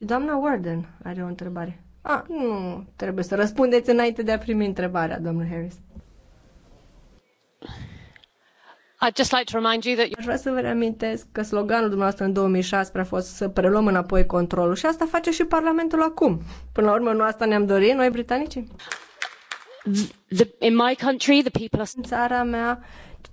Doamna Warden are o întrebare. A, nu, trebuie să răspundeți înainte de a primi întrebarea, domnul Harris. I'd just like to remind you that... Aș vrea să vă reamintesc că sloganul dumneavoastră în 2016 a fost să preluăm înapoi controlul și asta face și Parlamentul acum. Până la urmă, nu asta ne-am dorit noi britanicii? The, in my country, the people are... În țara mea,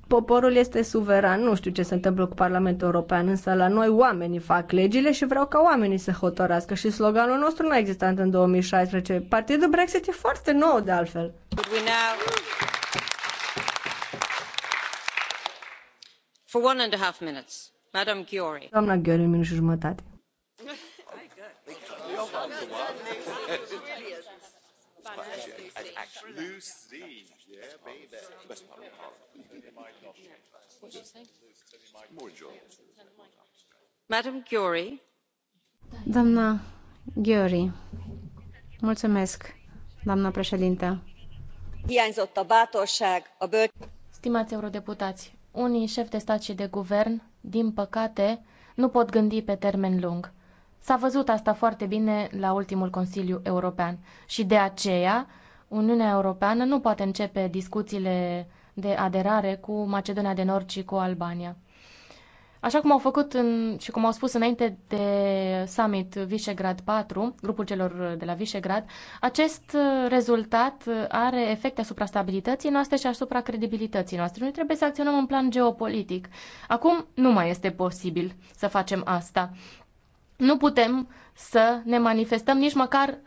poporul este suveran, nu știu ce se întâmplă cu Parlamentul European, însă la noi oamenii fac legile și vreau ca oamenii să hotărască și sloganul nostru nu a existat în 2016. Partidul Brexit e foarte nou de altfel. For one and a half minutes, Madam Giori. Doamna Giori, un minut și jumătate. Yeah, baby. Best part of the Madam Gyori, Doamna Gyori, Mulțumesc, doamna președintă. Hiányzott a bátorság, a bölcs... Stimați eurodeputați, unii șefi de stat și de guvern, din păcate, nu pot gândi pe termen lung. S-a văzut asta foarte bine la ultimul Consiliu European și de aceea Uniunea Europeană nu poate începe discuțiile de aderare cu Macedonia de Nord și cu Albania. Așa cum au făcut în, și cum au spus înainte de summit Visegrad 4, grupul celor de la Visegrad, acest rezultat are efecte asupra stabilității noastre și asupra credibilității noastre. Noi trebuie să acționăm în plan geopolitic. Acum nu mai este posibil să facem asta. Nu putem să ne manifestăm nici măcar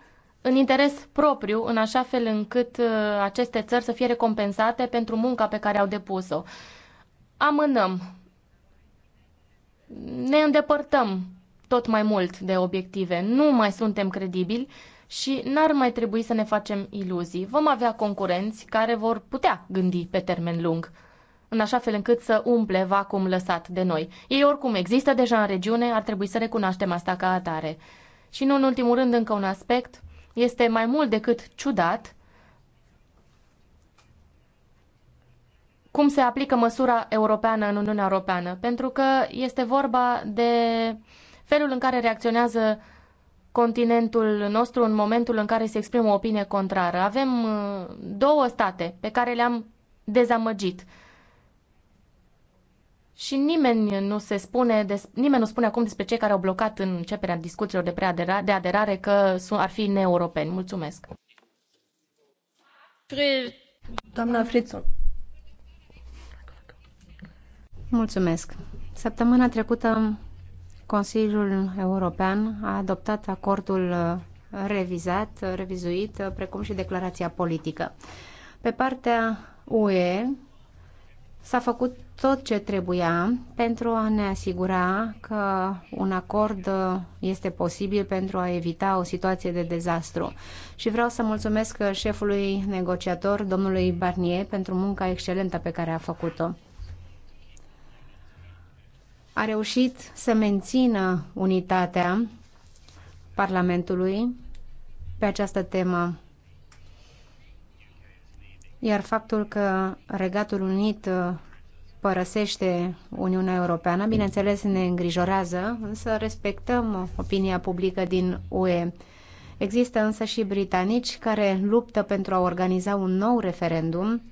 în interes propriu, în așa fel încât uh, aceste țări să fie recompensate pentru munca pe care au depus-o. Amânăm, ne îndepărtăm tot mai mult de obiective, nu mai suntem credibili și n-ar mai trebui să ne facem iluzii. Vom avea concurenți care vor putea gândi pe termen lung, în așa fel încât să umple vacum lăsat de noi. Ei oricum există deja în regiune, ar trebui să recunoaștem asta ca atare. Și nu în ultimul rând încă un aspect, este mai mult decât ciudat cum se aplică măsura europeană în Uniunea Europeană, pentru că este vorba de felul în care reacționează continentul nostru în momentul în care se exprimă o opinie contrară. Avem uh, două state pe care le-am dezamăgit și nimeni nu se spune, des, nimeni nu spune acum despre cei care au blocat în începerea discuțiilor de, preaderare, de aderare că sunt, ar fi neeuropeni. Mulțumesc. Doamna Frițon. Mulțumesc. Săptămâna trecută Consiliul European a adoptat acordul uh, revizat, uh, revizuit, uh, precum și declarația politică. Pe partea UE s-a făcut tot ce trebuia pentru a ne asigura că un acord este posibil pentru a evita o situație de dezastru. Și vreau să mulțumesc șefului negociator, domnului Barnier, pentru munca excelentă pe care a făcut-o a reușit să mențină unitatea Parlamentului pe această temă. Iar faptul că Regatul Unit părăsește Uniunea Europeană. Bineînțeles, ne îngrijorează, însă respectăm opinia publică din UE. Există însă și britanici care luptă pentru a organiza un nou referendum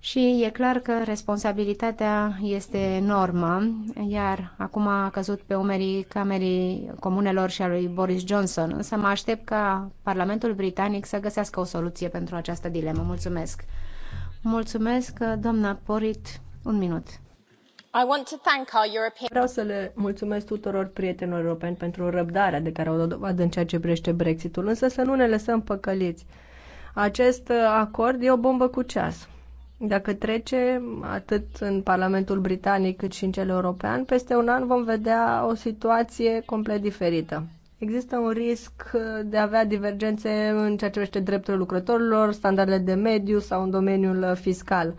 și e clar că responsabilitatea este enormă, iar acum a căzut pe umerii Camerei Comunelor și a lui Boris Johnson, însă mă aștept ca Parlamentul Britanic să găsească o soluție pentru această dilemă. Mulțumesc! Mulțumesc, doamna Porit. Un minut. Vreau să le mulțumesc tuturor prietenilor europeni pentru răbdarea de care au dat dovadă în ceea ce privește Brexitul, însă să nu ne lăsăm păcăliți. Acest uh, acord e o bombă cu ceas. Dacă trece atât în Parlamentul Britanic cât și în cel european, peste un an vom vedea o situație complet diferită. Există un risc uh, de a avea divergențe în ceea ce privește drepturile lucrătorilor, standardele de mediu sau în domeniul uh, fiscal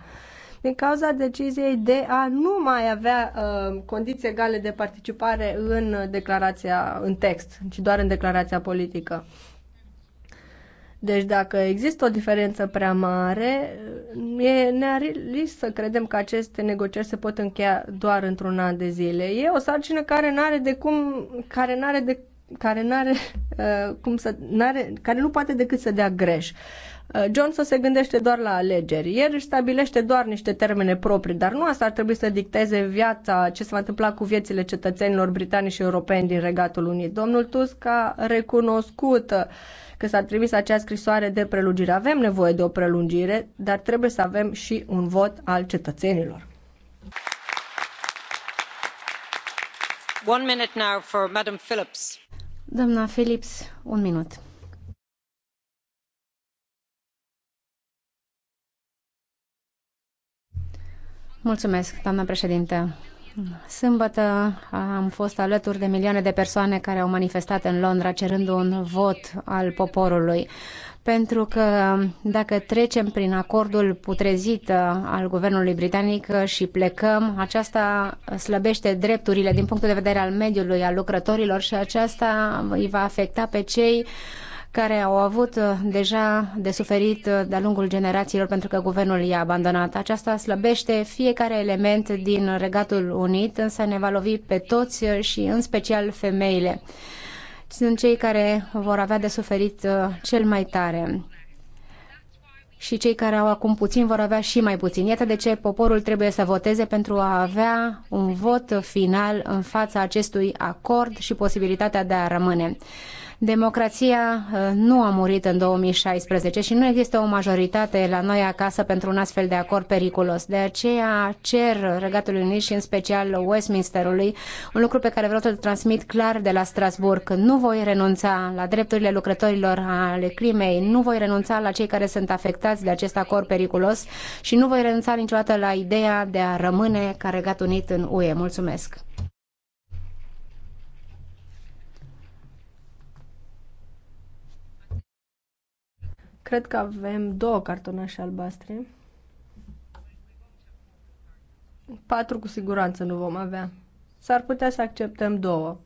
din cauza deciziei de a nu mai avea uh, condiții egale de participare în declarația, în text, ci doar în declarația politică. Deci dacă există o diferență prea mare, e nearist să credem că aceste negocieri se pot încheia doar într-un an de zile. E o sarcină care nu are de cum, care nu are de care, nu are uh, cum să, n-are, care nu poate decât să dea greș. Uh, Johnson se gândește doar la alegeri. El își stabilește doar niște termene proprii, dar nu asta ar trebui să dicteze viața, ce se va întâmpla cu viețile cetățenilor britanici și europeni din Regatul Unit. Domnul Tusk a recunoscut că s-a trimis acea scrisoare de prelungire. Avem nevoie de o prelungire, dar trebuie să avem și un vot al cetățenilor. One minute now for Madam Phillips. Doamna Phillips, un minut. Mulțumesc, doamna președinte. Sâmbătă am fost alături de milioane de persoane care au manifestat în Londra cerând un vot al poporului pentru că dacă trecem prin acordul putrezit uh, al guvernului britanic uh, și plecăm, aceasta slăbește drepturile din punctul de vedere al mediului, al lucrătorilor și aceasta îi va afecta pe cei uh, care au avut uh, deja de suferit uh, de-a lungul generațiilor pentru că guvernul i-a abandonat. Aceasta slăbește fiecare element din Regatul Unit, însă ne va lovi pe toți uh, și în special femeile. Sunt cei care vor avea de suferit cel mai tare și cei care au acum puțin vor avea și mai puțin. Iată de ce poporul trebuie să voteze pentru a avea un vot final în fața acestui acord și posibilitatea de a rămâne. Democrația uh, nu a murit în 2016 și nu există o majoritate la noi acasă pentru un astfel de acord periculos. De aceea cer Regatului Unit și în special Westminsterului un lucru pe care vreau să-l transmit clar de la Strasburg. Nu voi renunța la drepturile lucrătorilor ale crimei, nu voi renunța la cei care sunt afectați de acest acord periculos și nu voi renunța niciodată la ideea de a rămâne ca Regat Unit în UE. Mulțumesc! Cred că avem două cartonașe albastre. Patru cu siguranță nu vom avea. S-ar putea să acceptăm două.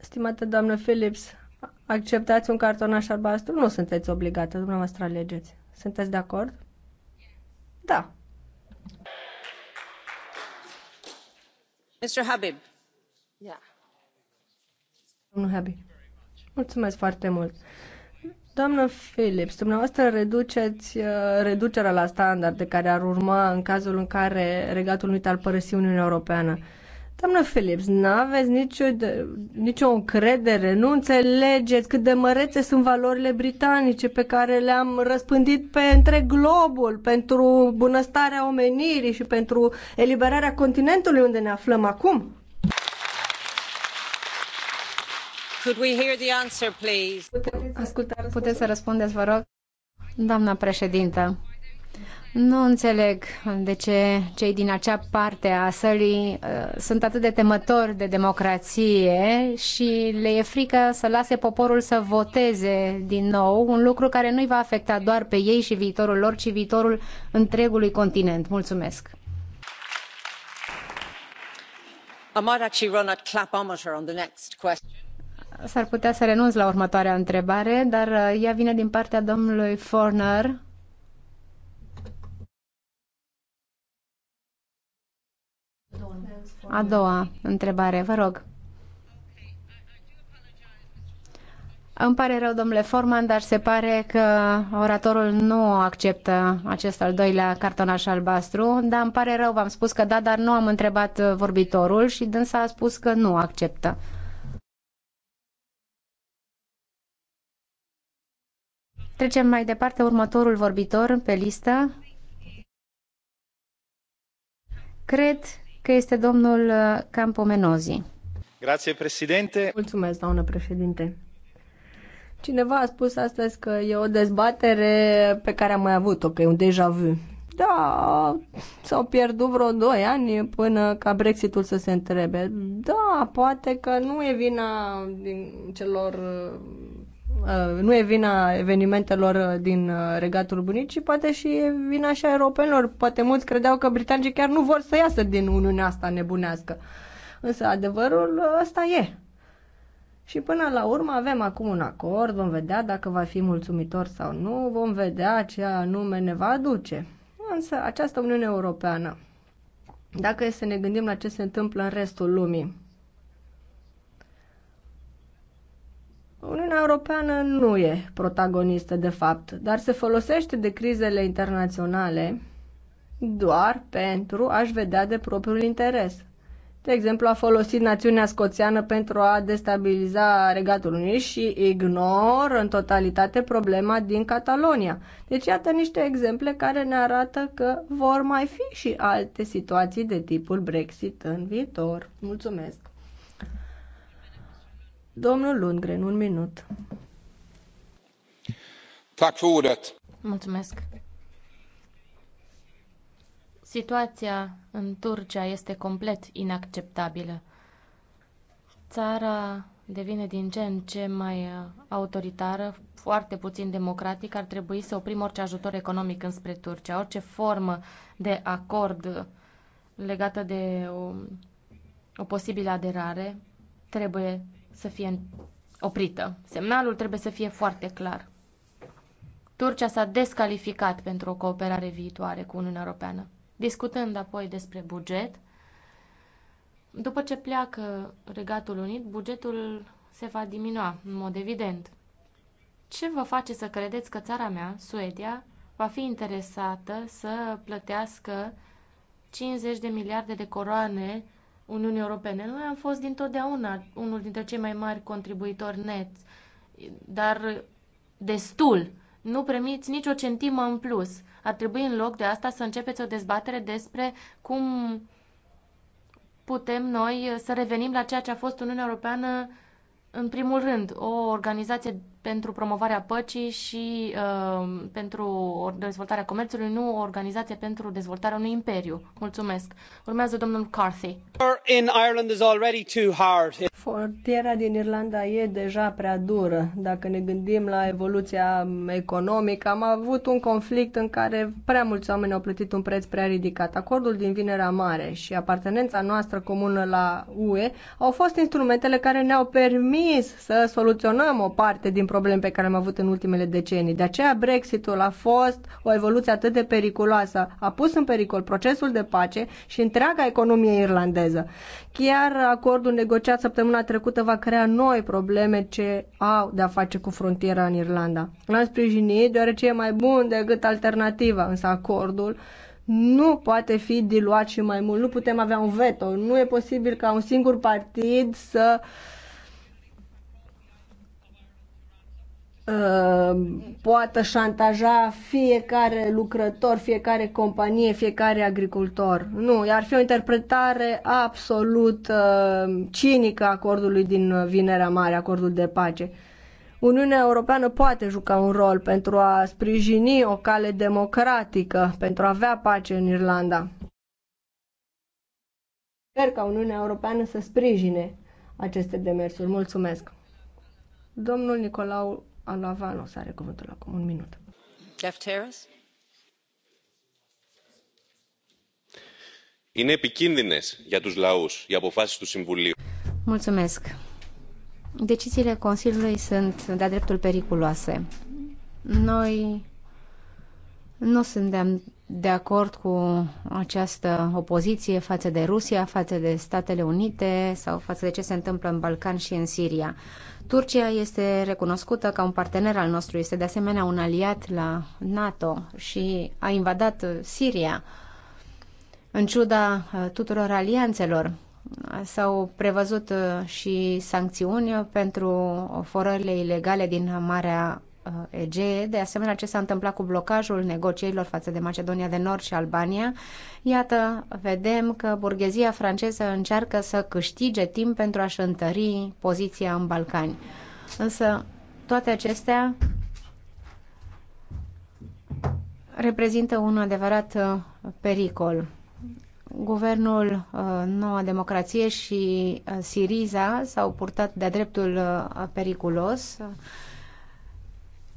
Stimată doamnă Phillips, acceptați un cartonaș albastru? Nu sunteți obligată, dumneavoastră alegeți. Sunteți de acord? Da. Mr. Habib. Yeah. Domnul Habib. Mulțumesc foarte mult. Doamnă Phillips, dumneavoastră reduceți uh, reducerea la standarde care ar urma în cazul în care Regatul Unit ar părăsi Uniunea Europeană. Doamnă Phillips, nu aveți nicio, nicio încredere, nu înțelegeți cât de mărețe sunt valorile britanice pe care le-am răspândit pe întreg globul, pentru bunăstarea omenirii și pentru eliberarea continentului unde ne aflăm acum? Puteți, să răspundeți, vă rog? Doamna președintă, nu înțeleg de ce cei din acea parte a sălii uh, sunt atât de temători de democrație și le e frică să lase poporul să voteze din nou, un lucru care nu-i va afecta doar pe ei și viitorul lor, ci viitorul întregului continent. Mulțumesc! I might actually run a clapometer on the next question s-ar putea să renunț la următoarea întrebare, dar uh, ea vine din partea domnului Forner. A doua întrebare, vă rog. Îmi pare rău, domnule Forman, dar se pare că oratorul nu acceptă acest al doilea cartonaș albastru. Da, îmi pare rău, v-am spus că da, dar nu am întrebat vorbitorul și dânsa a spus că nu acceptă. Trecem mai departe următorul vorbitor pe listă. Cred că este domnul uh, Campomenozi. Grazie, președinte. Mulțumesc, doamnă președinte. Cineva a spus astăzi că e o dezbatere pe care am mai avut-o, că e un deja vu. Da, s-au pierdut vreo 2 ani până ca Brexitul să se întrebe. Da, poate că nu e vina din celor uh, Uh, nu e vina evenimentelor uh, din uh, Regatul bunicii, ci poate și e vina și a europenilor. Poate mulți credeau că britanicii chiar nu vor să iasă din Uniunea asta nebunească. Însă adevărul ăsta e. Și până la urmă avem acum un acord, vom vedea dacă va fi mulțumitor sau nu, vom vedea ce anume ne va aduce. Însă această Uniune Europeană, dacă e să ne gândim la ce se întâmplă în restul lumii, Uniunea Europeană nu e protagonistă, de fapt, dar se folosește de crizele internaționale doar pentru a-și vedea de propriul interes. De exemplu, a folosit națiunea scoțiană pentru a destabiliza Regatul Unit și ignoră în totalitate problema din Catalonia. Deci, iată niște exemple care ne arată că vor mai fi și alte situații de tipul Brexit în viitor. Mulțumesc! Domnul Lundgren, un minut. Mulțumesc. Situația în Turcia este complet inacceptabilă. Țara devine din ce în ce mai uh, autoritară, foarte puțin democratic, ar trebui să oprim orice ajutor economic înspre Turcia, orice formă de acord uh, legată de o, um, o posibilă aderare trebuie să fie oprită. Semnalul trebuie să fie foarte clar. Turcia s-a descalificat pentru o cooperare viitoare cu Uniunea Europeană. Discutând apoi despre buget, după ce pleacă Regatul Unit, bugetul se va diminua, în mod evident. Ce vă face să credeți că țara mea, Suedia, va fi interesată să plătească 50 de miliarde de coroane Uniunii Europene. Noi am fost dintotdeauna unul dintre cei mai mari contribuitori net, dar destul. Nu primiți nicio centimă în plus. Ar trebui în loc de asta să începeți o dezbatere despre cum putem noi să revenim la ceea ce a fost Uniunea Europeană în primul rând, o organizație pentru promovarea păcii și uh, pentru dezvoltarea comerțului, nu o organizație pentru dezvoltarea unui imperiu. Mulțumesc. Urmează domnul Carthy. In Ireland is already too hard. din Irlanda e deja prea dură. Dacă ne gândim la evoluția economică, am avut un conflict în care prea mulți oameni au plătit un preț prea ridicat. Acordul din Vinerea Mare și apartenența noastră comună la UE au fost instrumentele care ne-au permis să soluționăm o parte din probleme pe care am avut în ultimele decenii. De aceea Brexitul a fost o evoluție atât de periculoasă. A pus în pericol procesul de pace și întreaga economie irlandeză. Chiar acordul negociat săptămâna trecută va crea noi probleme ce au de a face cu frontiera în Irlanda. L-am sprijinit deoarece e mai bun decât alternativa, însă acordul nu poate fi diluat și mai mult. Nu putem avea un veto. Nu e posibil ca un singur partid să uh, Uh, poată șantaja fiecare lucrător, fiecare companie, fiecare agricultor. Nu, ar fi o interpretare absolut uh, cinică a acordului din Vinerea Mare, acordul de pace. Uniunea Europeană poate juca un rol pentru a sprijini o cale democratică, pentru a avea pace în Irlanda. Sper ca Uniunea Europeană să sprijine aceste demersuri. Mulțumesc! Domnul Nicolau Alavanos are cuvântul acum, un minut. Lefteris. Είναι επικίνδυνες για τους λαούς οι αποφάσεις του Συμβουλίου. Mulțumesc. Deciziile Consiliului sunt de-a dreptul periculoase. Noi nu suntem de acord cu această opoziție față de Rusia, față de Statele Unite sau față de ce se întâmplă în Balcan și în Siria. Turcia este recunoscută ca un partener al nostru, este de asemenea un aliat la NATO și a invadat Siria în ciuda uh, tuturor alianțelor. S-au prevăzut uh, și sancțiuni pentru forările ilegale din Marea Uh, Egee, de asemenea ce s-a întâmplat cu blocajul negocierilor față de Macedonia de Nord și Albania. Iată, vedem că burghezia franceză încearcă să câștige timp pentru a-și întări poziția în Balcani. Însă, toate acestea reprezintă un adevărat uh, pericol. Guvernul uh, Noua Democrație și Siriza s-au purtat de-a dreptul periculos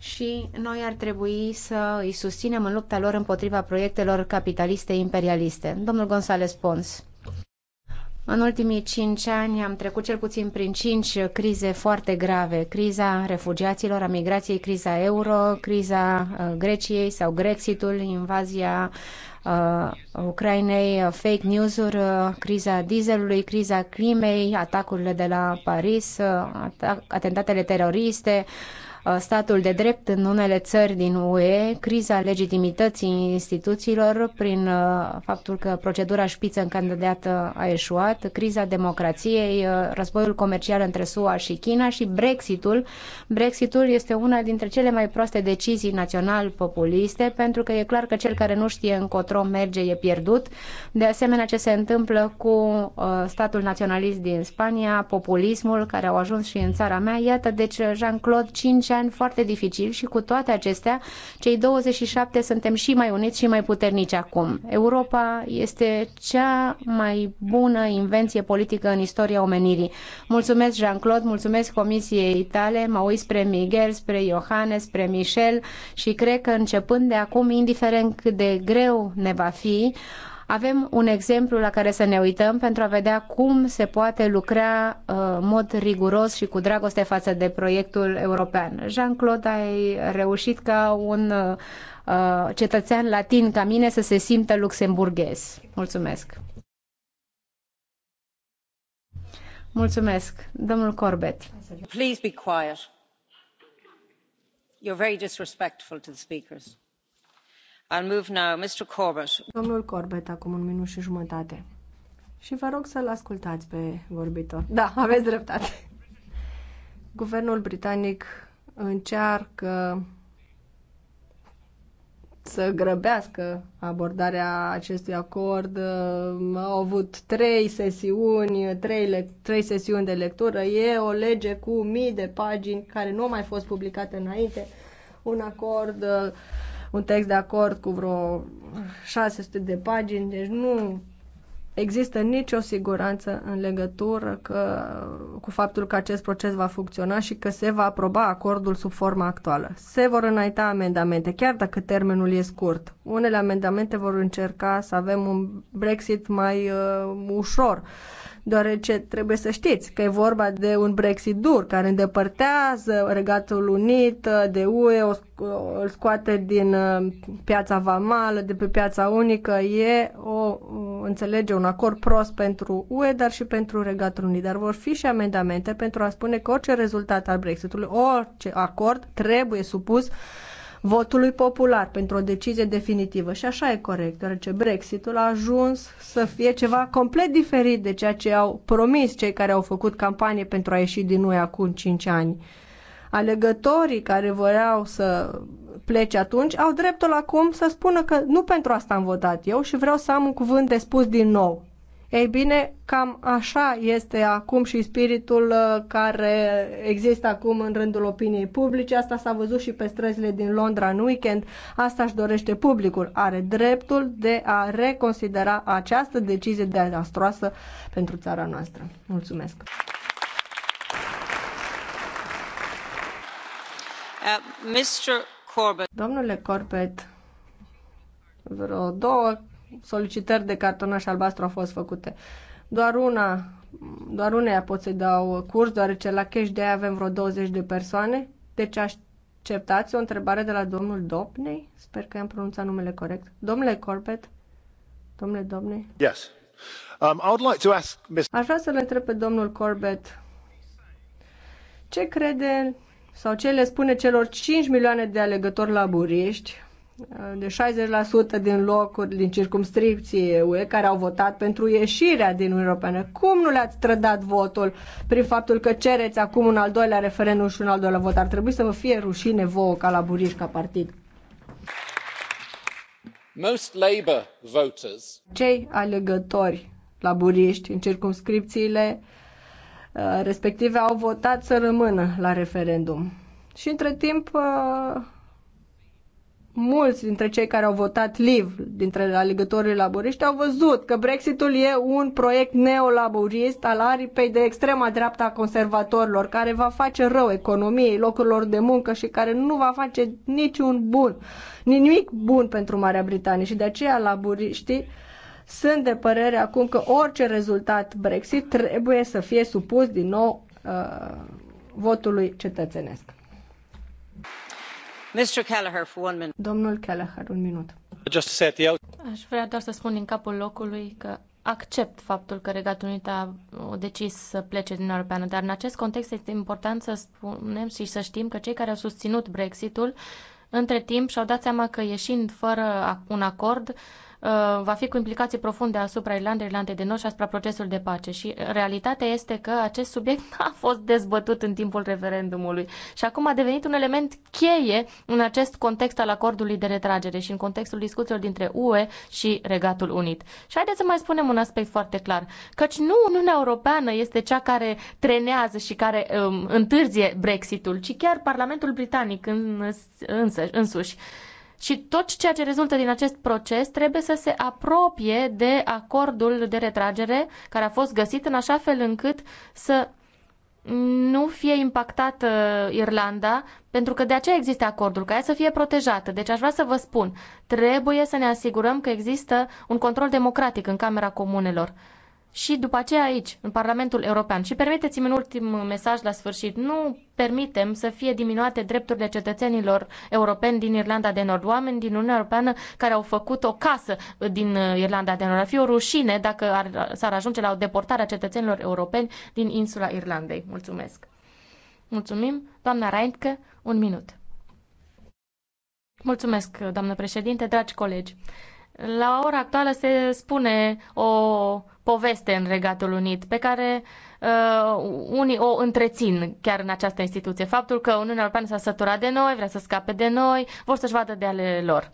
și noi ar trebui să îi susținem în lupta lor împotriva proiectelor capitaliste imperialiste. Domnul González Pons. În ultimii cinci ani am trecut cel puțin prin cinci crize foarte grave. Criza refugiaților, a migrației, criza euro, criza uh, Greciei sau Grexitul, invazia uh, Ucrainei, uh, fake news-uri, uh, criza dieselului, criza crimei, atacurile de la Paris, uh, atac, atentatele teroriste, uh, Uh, statul de drept în unele țări din UE, criza legitimității instituțiilor prin uh, faptul că procedura șpiță candidată a eșuat, criza democrației, uh, războiul comercial între SUA și China și Brexitul. Brexitul este una dintre cele mai proaste decizii național populiste pentru că e clar că cel care nu știe încotro merge e pierdut. De asemenea, ce se întâmplă cu statul naționalist din Spania, populismul care au ajuns și în țara mea, iată deci Jean-Claude 5 ani foarte dificil și cu toate acestea, cei 27 suntem și mai uniți și mai puternici acum. Europa este cea mai bună invenție politică în istoria omenirii. Mulțumesc, Jean-Claude, mulțumesc Comisiei tale, mă uit spre Miguel, spre Iohannes, spre Michel și cred că începând de acum, indiferent cât de greu ne va fi, avem un exemplu la care să ne uităm pentru a vedea cum se poate lucra uh, în mod riguros și cu dragoste față de proiectul european. Jean-Claude, ai reușit ca un uh, uh, cetățean latin ca mine să se simtă luxemburghez. Mulțumesc! Mulțumesc. Domnul Corbett. Please be quiet. You're very disrespectful to the speakers. Domnul Corbett, acum un minut și jumătate. Și vă rog să-l ascultați pe vorbitor. Da, aveți dreptate. Guvernul britanic încearcă să grăbească abordarea acestui acord. Au avut trei sesiuni, trei, le- trei sesiuni de lectură. E o lege cu mii de pagini care nu a mai fost publicată înainte. Un acord uh, un text de acord cu vreo 600 de pagini, deci nu există nicio siguranță în legătură că, cu faptul că acest proces va funcționa și că se va aproba acordul sub forma actuală. Se vor înainta amendamente, chiar dacă termenul e scurt. Unele amendamente vor încerca să avem un Brexit mai uh, ușor. Uh, deoarece trebuie să știți că e vorba de un Brexit dur care îndepărtează Regatul Unit de UE, o, îl scoate din uh, piața vamală, de pe piața unică. E o, uh, înțelege, un acord prost pentru UE, dar și pentru Regatul Unit. Dar vor fi și amendamente pentru a spune că orice rezultat al Brexitului, orice acord trebuie supus uh, votului popular pentru o decizie definitivă. Și așa e corect, deoarece Brexitul a ajuns să fie ceva complet diferit de ceea ce au promis cei care au făcut campanie pentru a ieși din noi acum 5 ani. Alegătorii care voiau să plece atunci au dreptul acum să spună că nu pentru asta am votat eu și vreau să am un cuvânt de spus din nou ei bine, cam așa este acum și spiritul uh, care există acum în rândul opiniei publice. Asta s-a văzut și pe străzile din Londra în weekend. Asta își dorește publicul. Are dreptul de a reconsidera această decizie deastroasă pentru țara noastră. Mulțumesc! Uh, Mr. Corbett. Domnule Corbett, vreo două solicitări de cartonaș albastru au fost făcute. Doar una, doar uneia pot să-i dau curs, deoarece la cash de avem vreo 20 de persoane. Deci acceptați o întrebare de la domnul Dopnei? Sper că am pronunțat numele corect. Domnule Corbett? Domnule Dopnei? Yes. Um, I would like to ask Ms. Aș vrea să-l întreb pe domnul Corbett ce crede sau ce le spune celor 5 milioane de alegători laburiști de 60% din locuri, din circumscripții UE care au votat pentru ieșirea din Uniunea Europeană. Cum nu le-ați trădat votul prin faptul că cereți acum un al doilea referendum și un al doilea vot? Ar trebui să vă fie rușine vouă ca Buriș, ca partid. Most Labour voters. Cei alegători buriști în circumscripțiile uh, respective au votat să rămână la referendum. Și între timp uh, mulți dintre cei care au votat Liv, dintre alegătorii laburiști, au văzut că Brexitul e un proiect neolaborist al aripei de extrema dreapta a conservatorilor, care va face rău economiei, locurilor de muncă și care nu va face niciun bun, nimic bun pentru Marea Britanie. Și de aceea laburiștii sunt de părere acum că orice rezultat Brexit trebuie să fie supus din nou uh, votului cetățenesc. Domnul un minut. Aș vrea doar să spun din capul locului că accept faptul că Regatul Unit a decis să plece din Europeană, dar în acest context este important să spunem și să știm că cei care au susținut Brexitul între timp și-au dat seama că ieșind fără un acord Uh, va fi cu implicații profunde asupra Irlandei, Irlandei de Nord și asupra procesului de pace. Și realitatea este că acest subiect a fost dezbătut în timpul referendumului și acum a devenit un element cheie în acest context al acordului de retragere și în contextul discuțiilor dintre UE și Regatul Unit. Și haideți să mai spunem un aspect foarte clar, căci nu Uniunea Europeană este cea care trenează și care um, întârzie Brexitul, ci chiar Parlamentul Britanic în, însă, însuși și tot ceea ce rezultă din acest proces trebuie să se apropie de acordul de retragere care a fost găsit în așa fel încât să nu fie impactată uh, Irlanda, pentru că de aceea există acordul, ca ea să fie protejată. Deci aș vrea să vă spun, trebuie să ne asigurăm că există un control democratic în Camera Comunelor și după aceea aici, în Parlamentul European. Și permiteți-mi un ultim mesaj la sfârșit. Nu permitem să fie diminuate drepturile cetățenilor europeni din Irlanda de Nord, oameni din Uniunea Europeană care au făcut o casă din uh, Irlanda de Nord. Ar fi o rușine dacă ar, s-ar ajunge la o deportare a cetățenilor europeni din insula Irlandei. Mulțumesc! Mulțumim, doamna Reintke, un minut. Mulțumesc, doamnă președinte, dragi colegi. La ora actuală se spune o poveste în Regatul Unit pe care uh, unii o întrețin chiar în această instituție. Faptul că Uniunea Europeană s-a săturat de noi, vrea să scape de noi, vor să-și vadă de ale lor.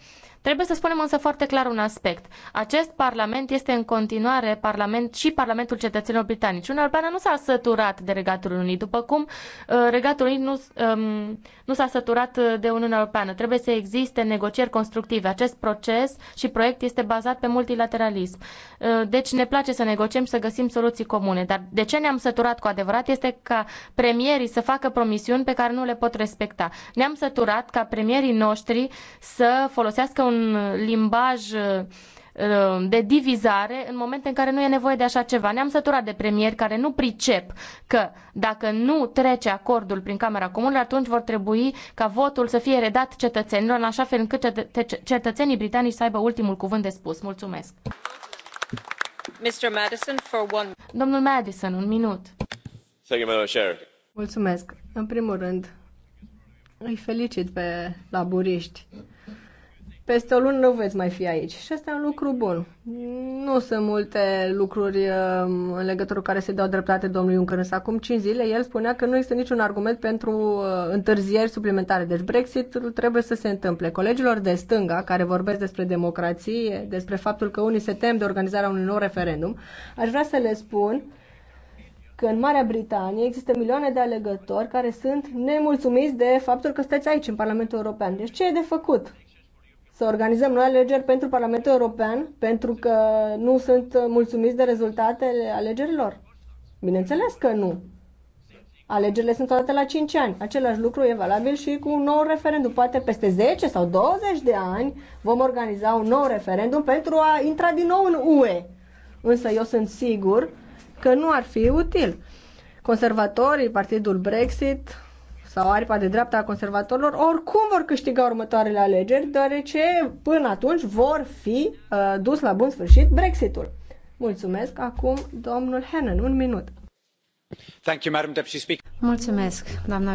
Trebuie să spunem însă foarte clar un aspect. Acest parlament este în continuare parlament și Parlamentul Cetățenilor Britanici. Uniunea Europeană nu s-a săturat de Regatul Unit, după cum uh, Regatul Unit nu, um, nu s-a săturat de Uniunea Europeană. Trebuie să existe negocieri constructive. Acest proces și proiect este bazat pe multilateralism. Uh, deci ne place să negociem și să găsim soluții comune. Dar de ce ne-am săturat cu adevărat este ca premierii să facă promisiuni pe care nu le pot respecta. Ne-am săturat ca premierii noștri să folosească un un limbaj uh, de divizare în momente în care nu e nevoie de așa ceva. Ne-am săturat de premieri care nu pricep că dacă nu trece acordul prin Camera Comunilor, atunci vor trebui ca votul să fie redat cetățenilor, în așa fel încât cetățenii britanici să aibă ultimul cuvânt de spus. Mulțumesc! Mr. Madison, for one... Domnul Madison, un minut. Thank you, Mulțumesc. În primul rând, îi felicit pe laburiști peste o lună nu veți mai fi aici. Și asta e un lucru bun. Nu sunt multe lucruri um, în legătură cu care se dau dreptate domnului Juncker, însă acum 5 zile el spunea că nu există niciun argument pentru uh, întârzieri suplimentare. Deci Brexit trebuie să se întâmple. Colegilor de stânga care vorbesc despre democrație, despre faptul că unii se tem de organizarea unui nou referendum, aș vrea să le spun că în Marea Britanie există milioane de alegători care sunt nemulțumiți de faptul că stați aici, în Parlamentul European. Deci ce e de făcut? să organizăm noi alegeri pentru Parlamentul European pentru că nu sunt mulțumiți de rezultatele alegerilor? Bineînțeles că nu. Alegerile sunt toate la 5 ani. Același lucru e valabil și cu un nou referendum. Poate peste 10 sau 20 de ani vom organiza un nou referendum pentru a intra din nou în UE. Însă eu sunt sigur că nu ar fi util. Conservatorii, partidul Brexit, sau aripa de dreapta a conservatorilor, oricum vor câștiga următoarele alegeri, deoarece până atunci vor fi uh, dus la bun sfârșit Brexitul. Mulțumesc. Acum, domnul Hennen, un minut. Mulțumesc,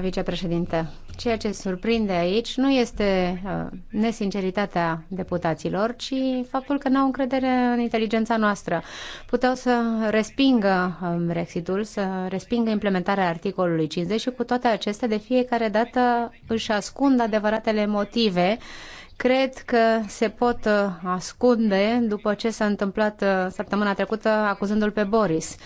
vicepreședintă. Ceea ce surprinde aici nu este uh, nesinceritatea deputaților, ci faptul că nu au încredere în inteligența noastră. Puteau să respingă um, Brexitul, să respingă implementarea articolului 50 și cu toate acestea de fiecare dată își ascund adevăratele motive cred că se pot uh, ascunde după ce s-a întâmplat uh, săptămâna trecută acuzându-l pe Boris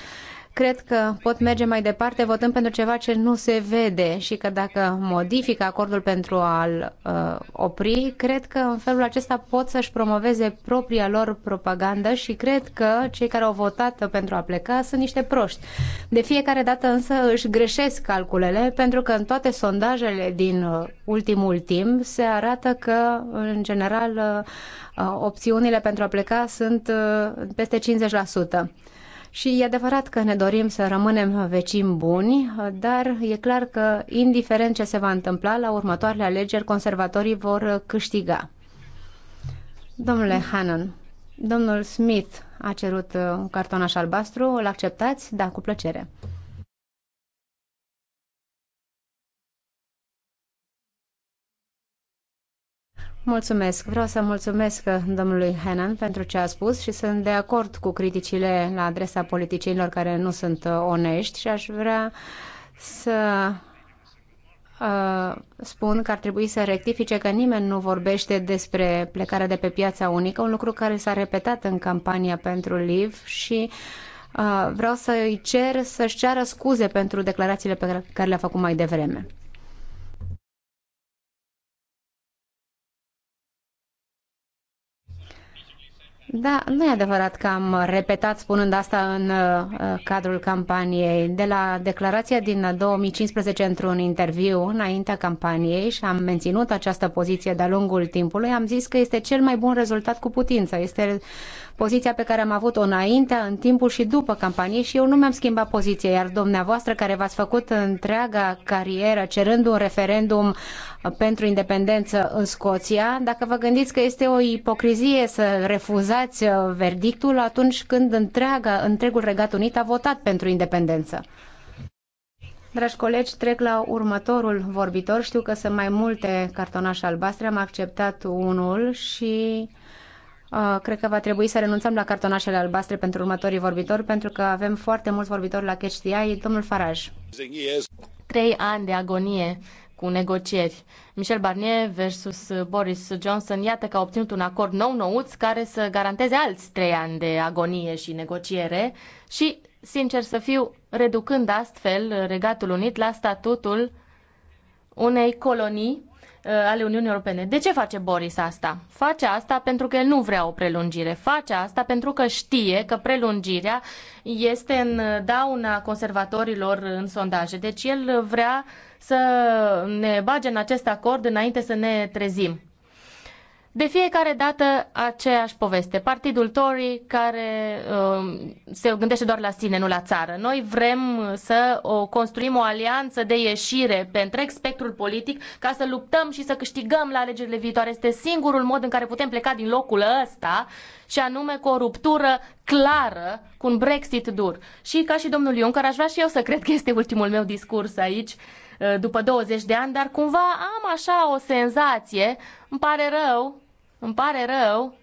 cred că pot merge mai departe votând pentru ceva ce nu se vede și că dacă modifică acordul pentru a-l uh, opri, cred că în felul acesta pot să-și promoveze propria lor propagandă și cred că cei care au votat pentru a pleca sunt niște proști. De fiecare dată însă își greșesc calculele pentru că în toate sondajele din uh, ultimul timp se arată că în general uh, opțiunile pentru a pleca sunt uh, peste 50%. Și e adevărat că ne dorim să rămânem vecini buni, dar e clar că, indiferent ce se va întâmpla, la următoarele alegeri, conservatorii vor câștiga. Domnule Hannon, domnul Smith a cerut un cartonaș albastru, îl acceptați? Da, cu plăcere. Mulțumesc. Vreau să mulțumesc domnului Henan pentru ce a spus și sunt de acord cu criticile la adresa politicienilor care nu sunt uh, onești și aș vrea să uh, spun că ar trebui să rectifice că nimeni nu vorbește despre plecarea de pe piața unică, un lucru care s-a repetat în campania pentru LIV și uh, vreau să îi cer să-și ceară scuze pentru declarațiile pe care le-a făcut mai devreme. Da, nu e adevărat că am repetat spunând asta în uh, uh cadrul campaniei. De la declarația din 2015 într-un interviu înaintea campaniei și am menținut această poziție de-a lungul timpului, am zis că este cel mai bun rezultat cu putință. Este poziția pe care am avut-o înainte, în timpul și după campanie și eu nu mi-am schimbat poziția, iar dumneavoastră care v-ați făcut întreaga carieră cerând un referendum pentru independență în Scoția, dacă vă gândiți că este o ipocrizie să refuzați verdictul atunci când întreaga, întregul Regat Unit a votat pentru independență. Dragi colegi, trec la următorul vorbitor. Știu că sunt mai multe cartonașe albastre, am acceptat unul și Uh, cred că va trebui să renunțăm la cartonașele albastre pentru următorii vorbitori, pentru că avem foarte mulți vorbitori la Eye, Domnul Faraj. Trei ani de agonie cu negocieri. Michel Barnier versus Boris Johnson, iată că a obținut un acord nou-nouț care să garanteze alți trei ani de agonie și negociere și, sincer să fiu, reducând astfel Regatul Unit la statutul unei colonii Uh, ale Uniunii Europene. De ce face Boris asta? Face asta pentru că el nu vrea o prelungire. Face asta pentru că știe că prelungirea este în dauna conservatorilor în sondaje. Deci el vrea să ne bage în acest acord înainte să ne trezim. De fiecare dată aceeași poveste. Partidul Tory care uh, se gândește doar la sine, nu la țară. Noi vrem să o construim o alianță de ieșire pe întreg spectrul politic ca să luptăm și să câștigăm la alegerile viitoare. Este singurul mod în care putem pleca din locul ăsta și anume cu o ruptură clară, cu un Brexit dur. Și ca și domnul Juncker, aș vrea și eu să cred că este ultimul meu discurs aici. Uh, Uh, după 20 de ani, dar cumva am așa o senzație, îmi pare rău, îmi pare rău,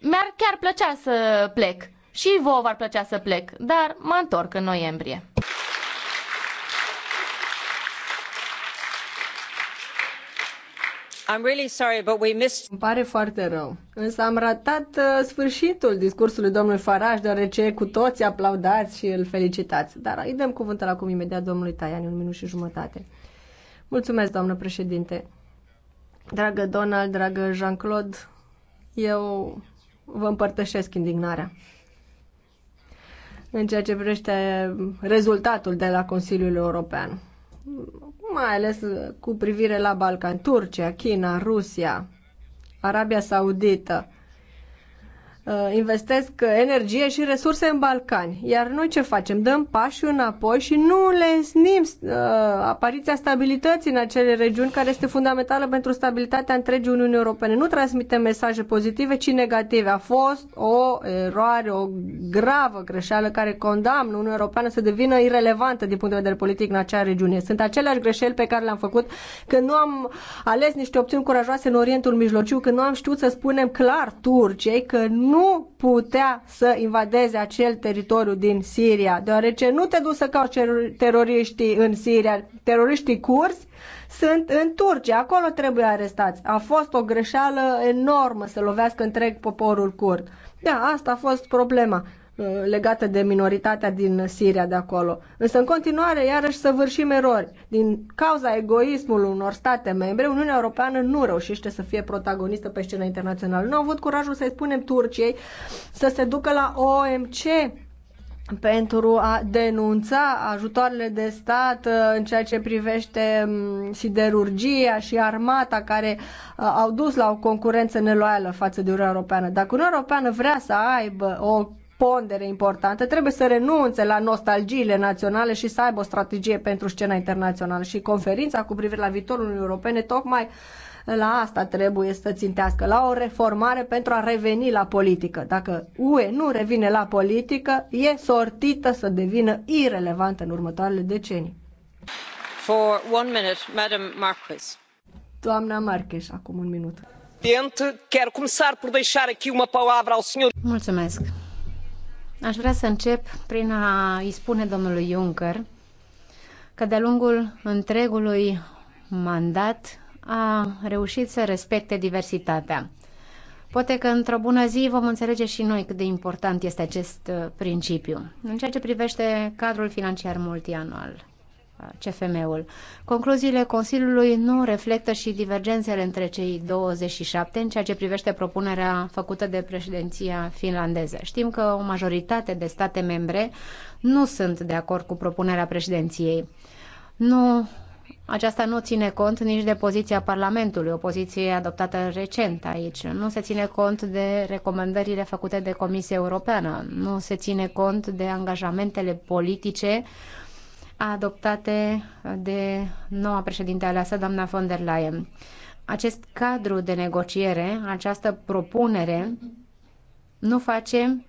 mi-ar chiar plăcea să plec. Și vouă ar plăcea să plec, dar mă întorc în noiembrie. I'm really sorry, but we missed... Îmi pare foarte rău, însă am ratat uh, sfârșitul discursului domnului Faraj, deoarece cu toți aplaudați și îl felicitați. Dar îi dăm cuvântul acum imediat domnului Tajani un minut și jumătate. Mulțumesc, doamnă președinte. Dragă Donald, dragă Jean-Claude, eu vă împărtășesc indignarea în ceea ce privește rezultatul de la Consiliul European mai ales uh, cu privire la Balcan, Turcia, China, Rusia, Arabia Saudită. Uh, investesc energie și resurse în Balcani. Iar noi ce facem? Dăm pași înapoi și nu le snim uh, apariția stabilității în acele regiuni care este fundamentală pentru stabilitatea întregii Uniunii Europene. Nu transmitem mesaje pozitive, ci negative. A fost o eroare, o gravă greșeală care condamnă Uniunea Europeană să devină irelevantă din punct de vedere politic în acea regiune. Sunt aceleași greșeli pe care le-am făcut când nu am ales niște opțiuni curajoase în Orientul Mijlociu, când nu am știut să spunem clar Turciei că nu nu putea să invadeze acel teritoriu din Siria, deoarece nu te duci să cauți teroriștii în Siria. Teroriștii curzi sunt în Turcia, acolo trebuie arestați. A fost o greșeală enormă să lovească întreg poporul curd. Da, asta a fost problema. Uh, legată de minoritatea din Siria de acolo. Însă în continuare, iarăși, săvârșim erori. Din cauza egoismului unor state membre, Uniunea Europeană nu reușește să fie protagonistă pe scena internațională. Nu au avut curajul să-i spunem Turciei să se ducă la OMC pentru a denunța ajutoarele de stat uh, în ceea ce privește um, siderurgia și armata care uh, au dus la o concurență neloială față de Uniunea Europeană. Dacă Uniunea Europeană vrea să aibă o pondere importantă, trebuie să renunțe la nostalgiile naționale și să aibă o strategie pentru scena internațională. Și conferința cu privire la viitorul Uniunii Europene tocmai la asta trebuie să țintească, la o reformare pentru a reveni la politică. Dacă UE nu revine la politică, e sortită să devină irelevantă în următoarele decenii. For one minute, Madam Marquez. Doamna Marques, acum un minut. Mulțumesc. Aș vrea să încep prin a îi spune domnului Juncker că de-a lungul întregului mandat a reușit să respecte diversitatea. Poate că într-o bună zi vom înțelege și noi cât de important este acest uh, principiu. În ceea ce privește cadrul financiar multianual, CFM-ul. Concluziile Consiliului nu reflectă și divergențele între cei 27 în ceea ce privește propunerea făcută de președinția finlandeză. Știm că o majoritate de state membre nu sunt de acord cu propunerea președinției. Nu aceasta nu ține cont nici de poziția Parlamentului, o poziție adoptată recent aici. Nu se ține cont de recomandările făcute de Comisia Europeană. Nu se ține cont de angajamentele politice uh, adoptate de noua președinte aleasă, doamna von der Leyen. Acest cadru de negociere, această propunere, nu face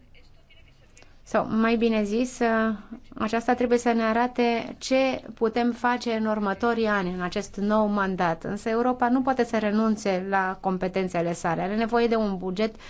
sau mai bine zis, aceasta trebuie să ne arate ce putem face în următorii ani, în acest nou mandat. Însă Europa nu poate să renunțe la competențele sale. Are nevoie de un buget uh,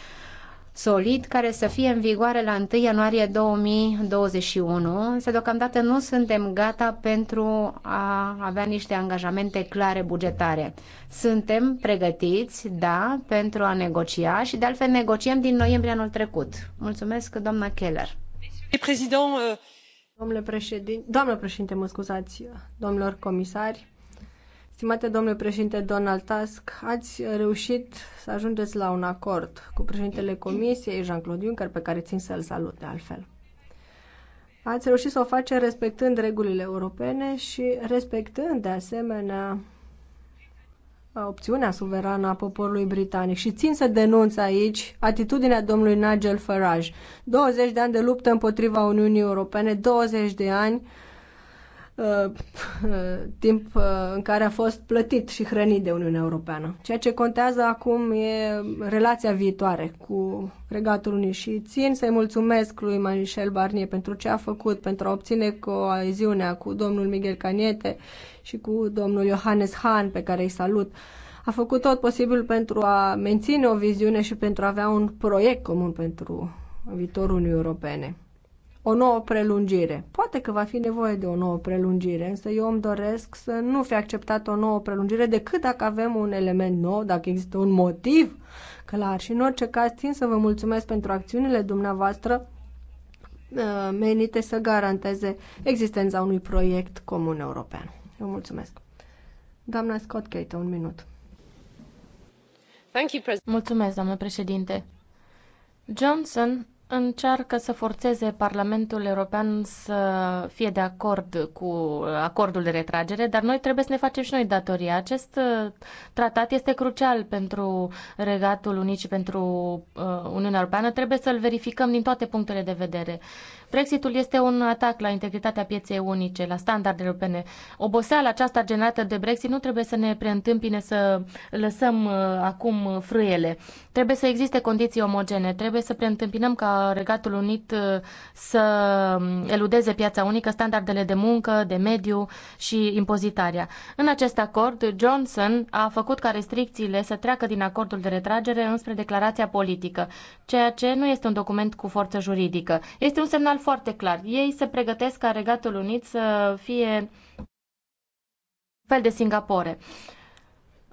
solid care să fie în vigoare la 1 ianuarie 2021, însă deocamdată nu suntem gata pentru a avea niște angajamente clare bugetare. Suntem pregătiți, da, pentru a negocia și de altfel negociem din noiembrie anul trecut. Mulțumesc, doamna Keller. Uh, Domnule președinte, doamnă președinte, mă scuzați, domnilor comisari, Stimate domnule președinte Donald Tusk, ați reușit să ajungeți la un acord cu președintele Comisiei, Jean-Claude Juncker, pe care țin să-l salut de altfel. Ați reușit să o faceți respectând regulile europene și respectând de asemenea opțiunea suverană a poporului britanic. Și țin să denunț aici atitudinea domnului Nigel Farage. 20 de ani de luptă împotriva Uniunii Europene, 20 de ani Uh, timp uh, în care a fost plătit și hrănit de Uniunea Europeană. Ceea ce contează acum e relația viitoare cu Regatul Unii și țin să-i mulțumesc lui Michel Barnier pentru ce a făcut, pentru a obține coeziunea cu domnul Miguel Caniete și cu domnul Johannes Hahn, pe care îi salut. A făcut tot posibil pentru a menține o viziune și pentru a avea un proiect comun pentru viitorul Uniunii Europene o nouă prelungire. Poate că va fi nevoie de o nouă prelungire, însă eu îmi doresc să nu fie acceptată o nouă prelungire decât dacă avem un element nou, dacă există un motiv clar. Și în orice caz, țin să vă mulțumesc pentru acțiunile dumneavoastră uh, menite să garanteze existența unui proiect comun european. Vă mulțumesc. Doamna Scott Cato, un minut. Mulțumesc, doamnă președinte. Johnson încearcă să forțeze Parlamentul European să fie de acord cu acordul de retragere, dar noi trebuie să ne facem și noi datoria. Acest uh, tratat este crucial pentru Regatul Unit și pentru uh, Uniunea Europeană. Trebuie să-l verificăm din toate punctele de vedere. Brexitul este un atac la integritatea pieței unice, la standardele europene. Oboseala aceasta generată de Brexit nu trebuie să ne preîntâmpine să lăsăm uh, acum frâiele. Trebuie să existe condiții omogene, trebuie să preîntâmpinăm ca Regatul Unit uh, să eludeze piața unică, standardele de muncă, de mediu și impozitarea. În acest acord, Johnson a făcut ca restricțiile să treacă din acordul de retragere înspre declarația politică, ceea ce nu este un document cu forță juridică. Este un semnal foarte clar. Ei se pregătesc ca Regatul Unit să fie fel de Singapore.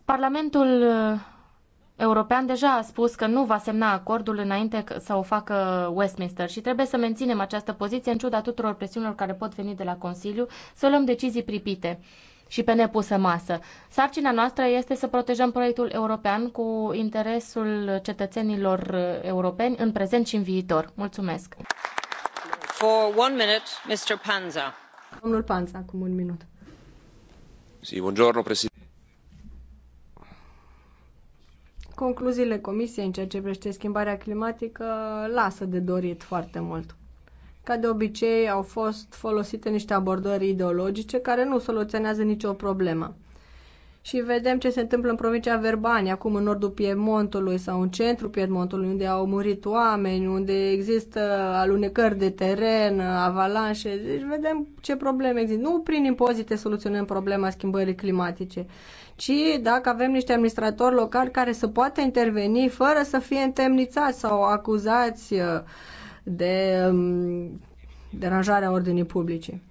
Parlamentul uh, European deja a spus că nu va semna acordul înainte să o facă Westminster și trebuie să menținem această poziție în ciuda tuturor presiunilor care pot veni de la Consiliu, să luăm decizii pripite și pe nepusă masă. Sarcina noastră este să protejăm proiectul european cu interesul cetățenilor uh, europeni în prezent și în viitor. Mulțumesc! doamnă președintă concluziile comisiei în ceea ce privește schimbarea climatică lasă de dorit foarte mult. Ca de obicei, au fost folosite niște abordări ideologice care nu soluționează nicio problemă și vedem ce se întâmplă în provincia Verbania, acum în nordul Piemontului sau în centrul Piemontului, unde au murit oameni, unde există alunecări de teren, avalanșe. Deci vedem ce probleme există. Nu prin impozite soluționăm problema schimbării climatice, ci dacă avem niște administratori locali care să poată interveni fără să fie întemnițați sau acuzați uh, de um, deranjarea ordinii publice.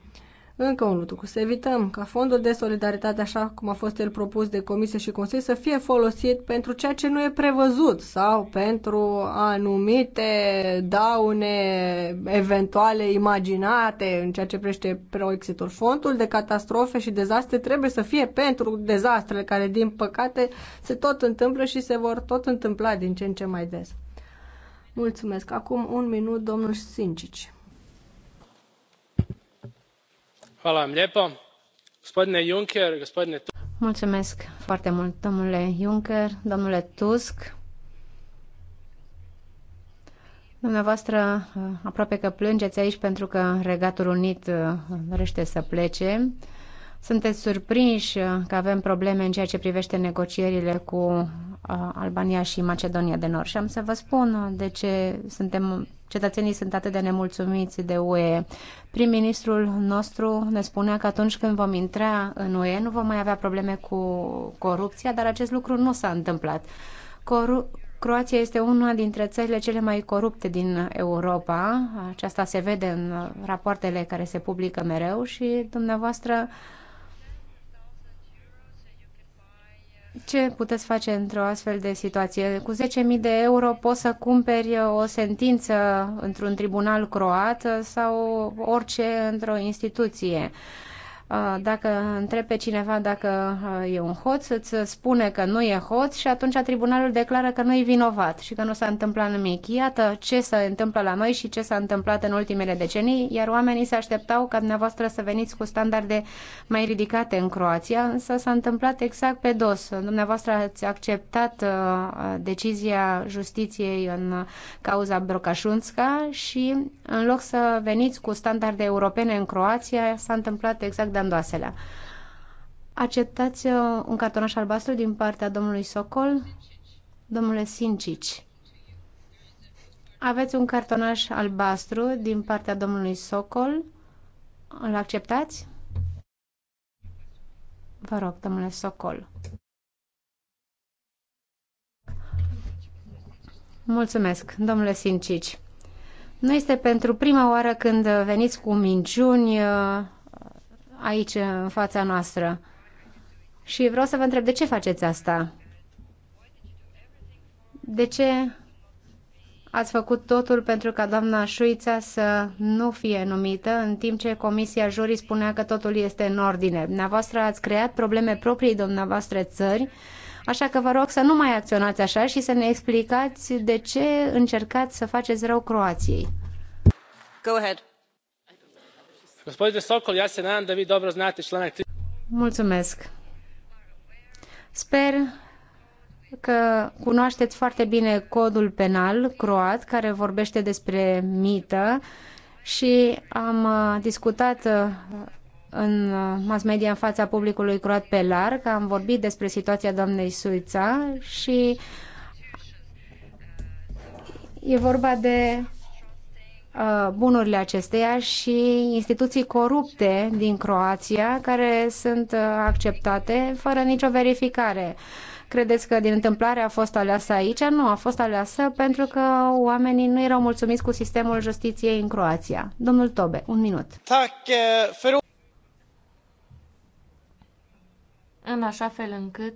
Încă un lucru, să evităm ca fondul de solidaritate, așa cum a fost el propus de Comisie și Consiliu, să fie folosit pentru ceea ce nu e prevăzut sau pentru anumite daune eventuale imaginate în ceea ce prește proiectul Fondul de catastrofe și dezastre trebuie să fie pentru dezastrele care, din păcate, se tot întâmplă și se vor tot întâmpla din ce în ce mai des. Mulțumesc. Acum un minut, domnul Sincici Mulțumesc foarte mult, domnule Juncker, domnule Tusk. Dumneavoastră, aproape că plângeți aici pentru că Regatul Unit uh, dorește să plece. Sunteți surprinși că avem probleme în ceea ce privește negocierile cu uh, Albania și Macedonia de Nord și am să vă spun de ce suntem, cetățenii sunt atât de nemulțumiți de UE. Prim-ministrul nostru ne spunea că atunci când vom intra în UE nu vom mai avea probleme cu corupția, dar acest lucru nu s-a întâmplat. Coru Croația este una dintre țările cele mai corupte din Europa. Aceasta se vede în rapoartele care se publică mereu și dumneavoastră ce puteți face într-o astfel de situație? Cu 10.000 de euro poți să cumperi o sentință într-un tribunal croat sau orice într-o instituție. Uh, Uh, dacă întrebe pe cineva dacă uh, e un hoț, îți spune că nu e hoț și atunci tribunalul declară că nu e vinovat și că nu s-a întâmplat nimic. Iată ce se întâmplă la noi și ce s-a întâmplat în ultimele decenii, iar oamenii se așteptau ca dumneavoastră să veniți cu standarde mai ridicate în Croația, însă s-a întâmplat exact pe dos. Dumneavoastră ați acceptat uh, decizia justiției în cauza Brocașunțca și în loc să veniți cu standarde europene în Croația, s-a întâmplat exact de dandoaselea. Acceptați uh, un cartonaș albastru din partea domnului Socol? Domnule Sincici, aveți un cartonaș albastru din partea domnului Socol? Îl acceptați? Vă rog, domnule Socol. Mulțumesc, domnule Sincici. Nu este pentru prima oară când veniți cu minciuni uh, aici, în fața noastră. Și vreau să vă întreb, de ce faceți asta? De ce ați făcut totul pentru ca doamna Șuița să nu fie numită, în timp ce Comisia Jurii spunea că totul este în ordine? Dumneavoastră ați creat probleme proprii dumneavoastră țări, așa că vă rog să nu mai acționați așa și să ne explicați de ce încercați să faceți rău Croației. Go ahead gospodine sokol ja se nadam da vi dobro znate članak. mulțumesc. sper că cunoașteți foarte bine codul penal croat care vorbește despre mită și am uh, discutat uh, în uh, mass media în fața publicului croat pe larg, am vorbit despre situația doamnei Suița și e vorba de Uh, bunurile acesteia și instituții corupte din Croația care sunt uh, acceptate fără nicio verificare. Credeți că din întâmplare a fost aleasă aici? Nu, a fost aleasă pentru că oamenii nu erau mulțumiți cu sistemul justiției în Croația. Domnul Tobe, un minut. Uh, în așa fel încât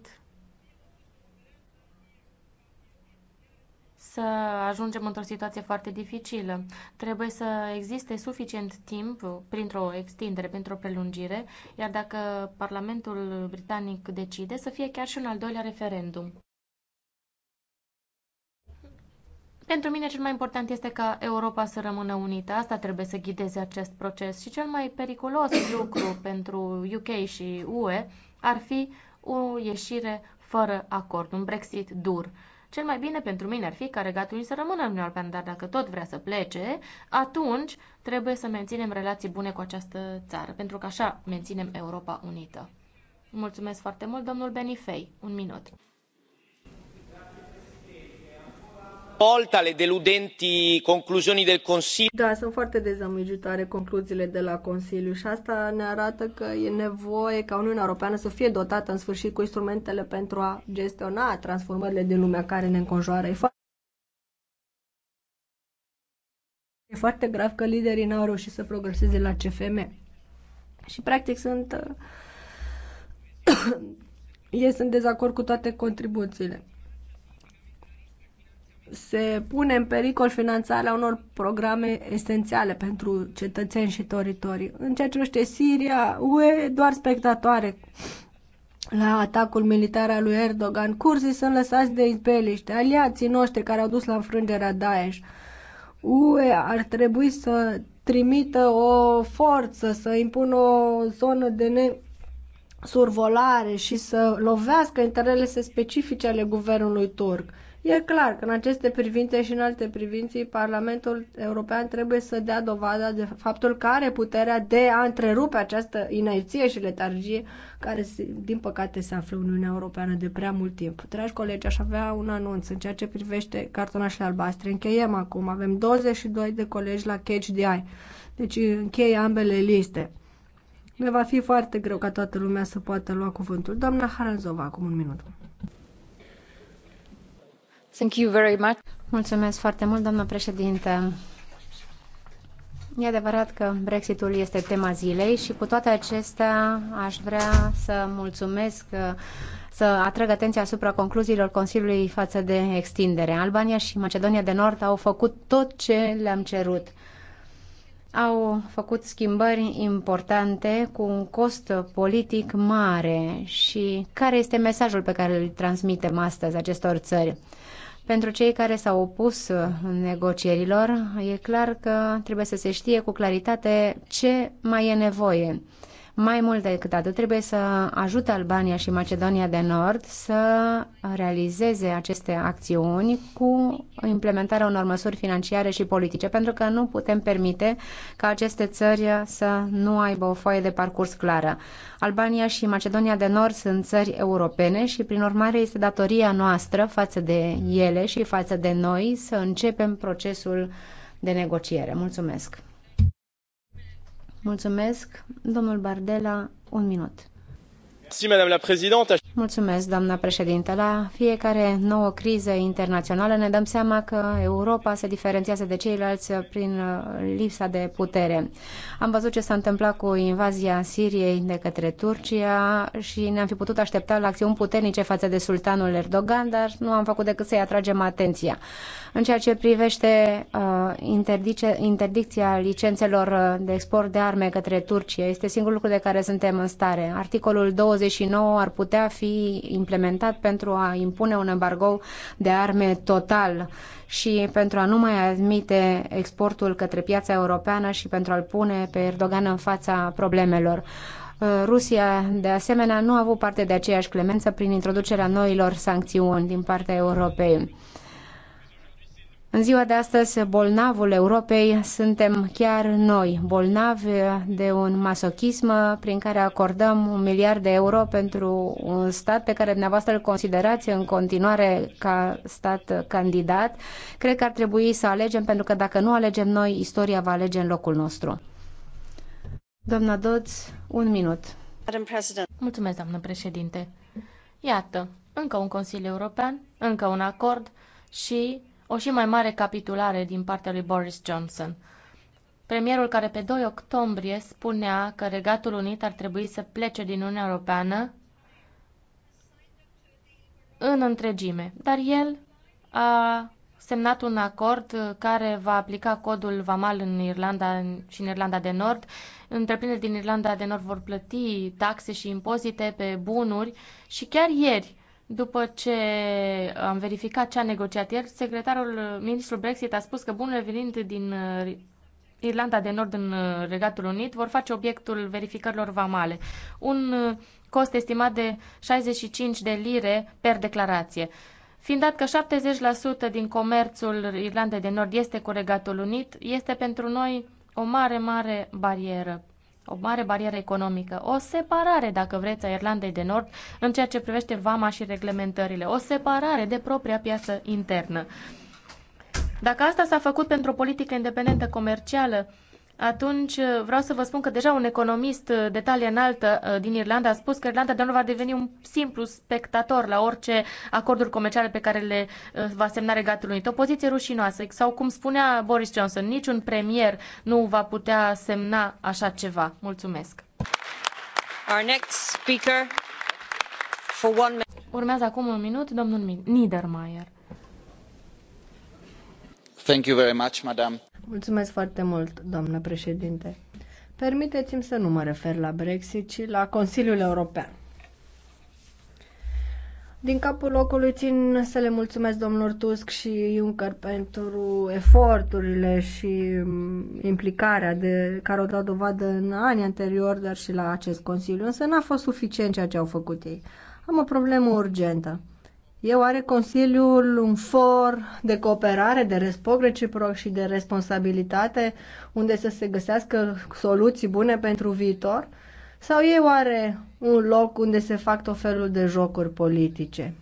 să ajungem într-o situație foarte dificilă. Trebuie să existe suficient timp printr-o extindere, printr-o prelungire, iar dacă Parlamentul Britanic decide, să fie chiar și un al doilea referendum. Pentru mine cel mai important este ca Europa să rămână unită. Asta trebuie să ghideze acest proces. Și cel mai periculos lucru pentru UK și UE ar fi o ieșire fără acord, un Brexit dur. Cel mai bine pentru mine ar fi ca Regatul să rămână în Uniunea Europeană, dar dacă tot vrea să plece, atunci trebuie să menținem relații bune cu această țară, pentru că așa menținem Europa Unită. Mulțumesc foarte mult, domnul Benifei. Un minut. raport ale deludenti concluzioni del Consiliu. Da, sunt foarte dezamăgitoare concluziile de la Consiliu și asta ne arată că e nevoie ca Uniunea Europeană să fie dotată în sfârșit cu instrumentele pentru a gestiona transformările din lumea care ne înconjoară. E foarte, e foarte grav că liderii n-au reușit să progreseze la CFM. Și practic sunt... ei sunt dezacord cu toate contribuțiile se pune în pericol finanțarea unor programe esențiale pentru cetățeni și teritorii. În ceea ce privește Siria, UE doar spectatoare la atacul militar al lui Erdogan. Curzii sunt lăsați de izbeliște, aliații noștri care au dus la înfrângerea Daesh. UE ar trebui să trimită o forță, să impună o zonă de ne survolare și să lovească interesele specifice ale guvernului turc. E clar că în aceste privințe și în alte privințe, Parlamentul European trebuie să dea dovada de faptul că are puterea de a întrerupe această inerție și letargie care, din păcate, se află în Uniunea Europeană de prea mult timp. Dragi colegi, aș avea un anunț în ceea ce privește cartonașele albastre. Încheiem acum. Avem 22 de colegi la Catch the Eye. Deci încheie ambele liste. Ne va fi foarte greu ca toată lumea să poată lua cuvântul. Doamna Haranzova, acum un minut. Mulțumesc foarte mult, doamnă președintă. E adevărat că Brexitul este tema zilei și cu toate acestea aș vrea să mulțumesc, să atrag atenția asupra concluziilor Consiliului față de extindere. Albania și Macedonia de Nord au făcut tot ce le-am cerut. Au făcut schimbări importante cu un cost politic mare și care este mesajul pe care îl transmitem astăzi acestor țări? Pentru cei care s-au opus uh, negocierilor, e clar că trebuie să se știe cu claritate ce mai e nevoie mai mult decât atât, trebuie să ajute Albania și Macedonia de Nord să realizeze aceste acțiuni cu implementarea unor măsuri financiare și politice, pentru că nu putem permite ca aceste țări să nu aibă o foaie de parcurs clară. Albania și Macedonia de Nord sunt țări europene și, prin urmare, este datoria noastră față de ele și față de noi să începem procesul de negociere. Mulțumesc! Mulțumesc. Domnul Bardela, un minut. Mulțumesc, doamna președintă. La fiecare nouă criză internațională ne dăm seama că Europa se diferențiază de ceilalți prin uh, lipsa de putere. Am văzut ce s-a întâmplat cu invazia Siriei de către Turcia și ne-am fi putut aștepta la acțiuni puternice față de sultanul Erdogan, dar nu am făcut decât să-i atragem atenția. În ceea ce privește uh, interdicția licențelor uh, de export de arme către Turcia, este singurul lucru de care suntem în stare. Articolul 29 ar putea fi implementat pentru a impune un embargo de arme total și pentru a nu mai admite exportul către piața europeană și pentru a-l pune pe Erdogan în fața problemelor. Uh, Rusia, de asemenea, nu a avut parte de aceeași clemență prin introducerea noilor sancțiuni din partea Europei. În ziua de astăzi, bolnavul Europei suntem chiar noi, bolnavi de un masochism prin care acordăm un miliard de euro pentru un stat pe care dumneavoastră îl considerați în continuare ca stat candidat. Cred că ar trebui să alegem, pentru că dacă nu alegem noi, istoria va alege în locul nostru. Doamna Doț, un minut. Mulțumesc, doamnă președinte. Iată, încă un Consiliu European, încă un acord și o și mai mare capitulare din partea lui Boris Johnson. Premierul care pe 2 octombrie spunea că Regatul Unit ar trebui să plece din Uniunea Europeană în întregime, dar el a semnat un acord care va aplica codul VAMAL în Irlanda și în Irlanda de Nord. Întreprinderi din Irlanda de Nord vor plăti taxe și impozite pe bunuri și chiar ieri după ce am verificat ce a negociat el, secretarul, ministrul Brexit a spus că bunurile venind din uh, Irlanda de Nord în uh, Regatul Unit vor face obiectul verificărilor vamale. Un uh, cost estimat de 65 de lire per declarație. Fiind dat că 70% din comerțul Irlandei de Nord este cu Regatul Unit, este pentru noi o mare, mare barieră o mare barieră economică, o separare, dacă vreți, a Irlandei de Nord în ceea ce privește vama și reglementările, o separare de propria piață internă. Dacă asta s-a făcut pentru o politică independentă comercială, atunci uh, vreau să vă spun că deja un economist uh, de talie înaltă uh, din Irlanda a spus că Irlanda de nu va deveni un simplu spectator la orice acorduri comerciale pe care le va semna Regatul Unit. O poziție rușinoasă. Sau cum spunea Boris Johnson, niciun premier nu va putea semna așa ceva. Mulțumesc. Our next speaker for one minute. Urmează acum un minut domnul Niedermayer. Thank you very much, madam. Mulțumesc foarte mult, doamnă președinte. Permiteți-mi să nu mă refer la Brexit, ci la Consiliul European. Din capul locului țin să le mulțumesc domnilor Tusk și Juncker pentru eforturile și mm, implicarea de care au dat dovadă în anii anteriori, dar și la acest Consiliu. Însă n-a fost suficient ceea ce au făcut ei. Am o problemă urgentă. Eu are Consiliul un for de cooperare, de respect reciproc și de responsabilitate unde să se găsească soluții bune pentru viitor? Sau e oare un loc unde se fac tot felul de jocuri politice?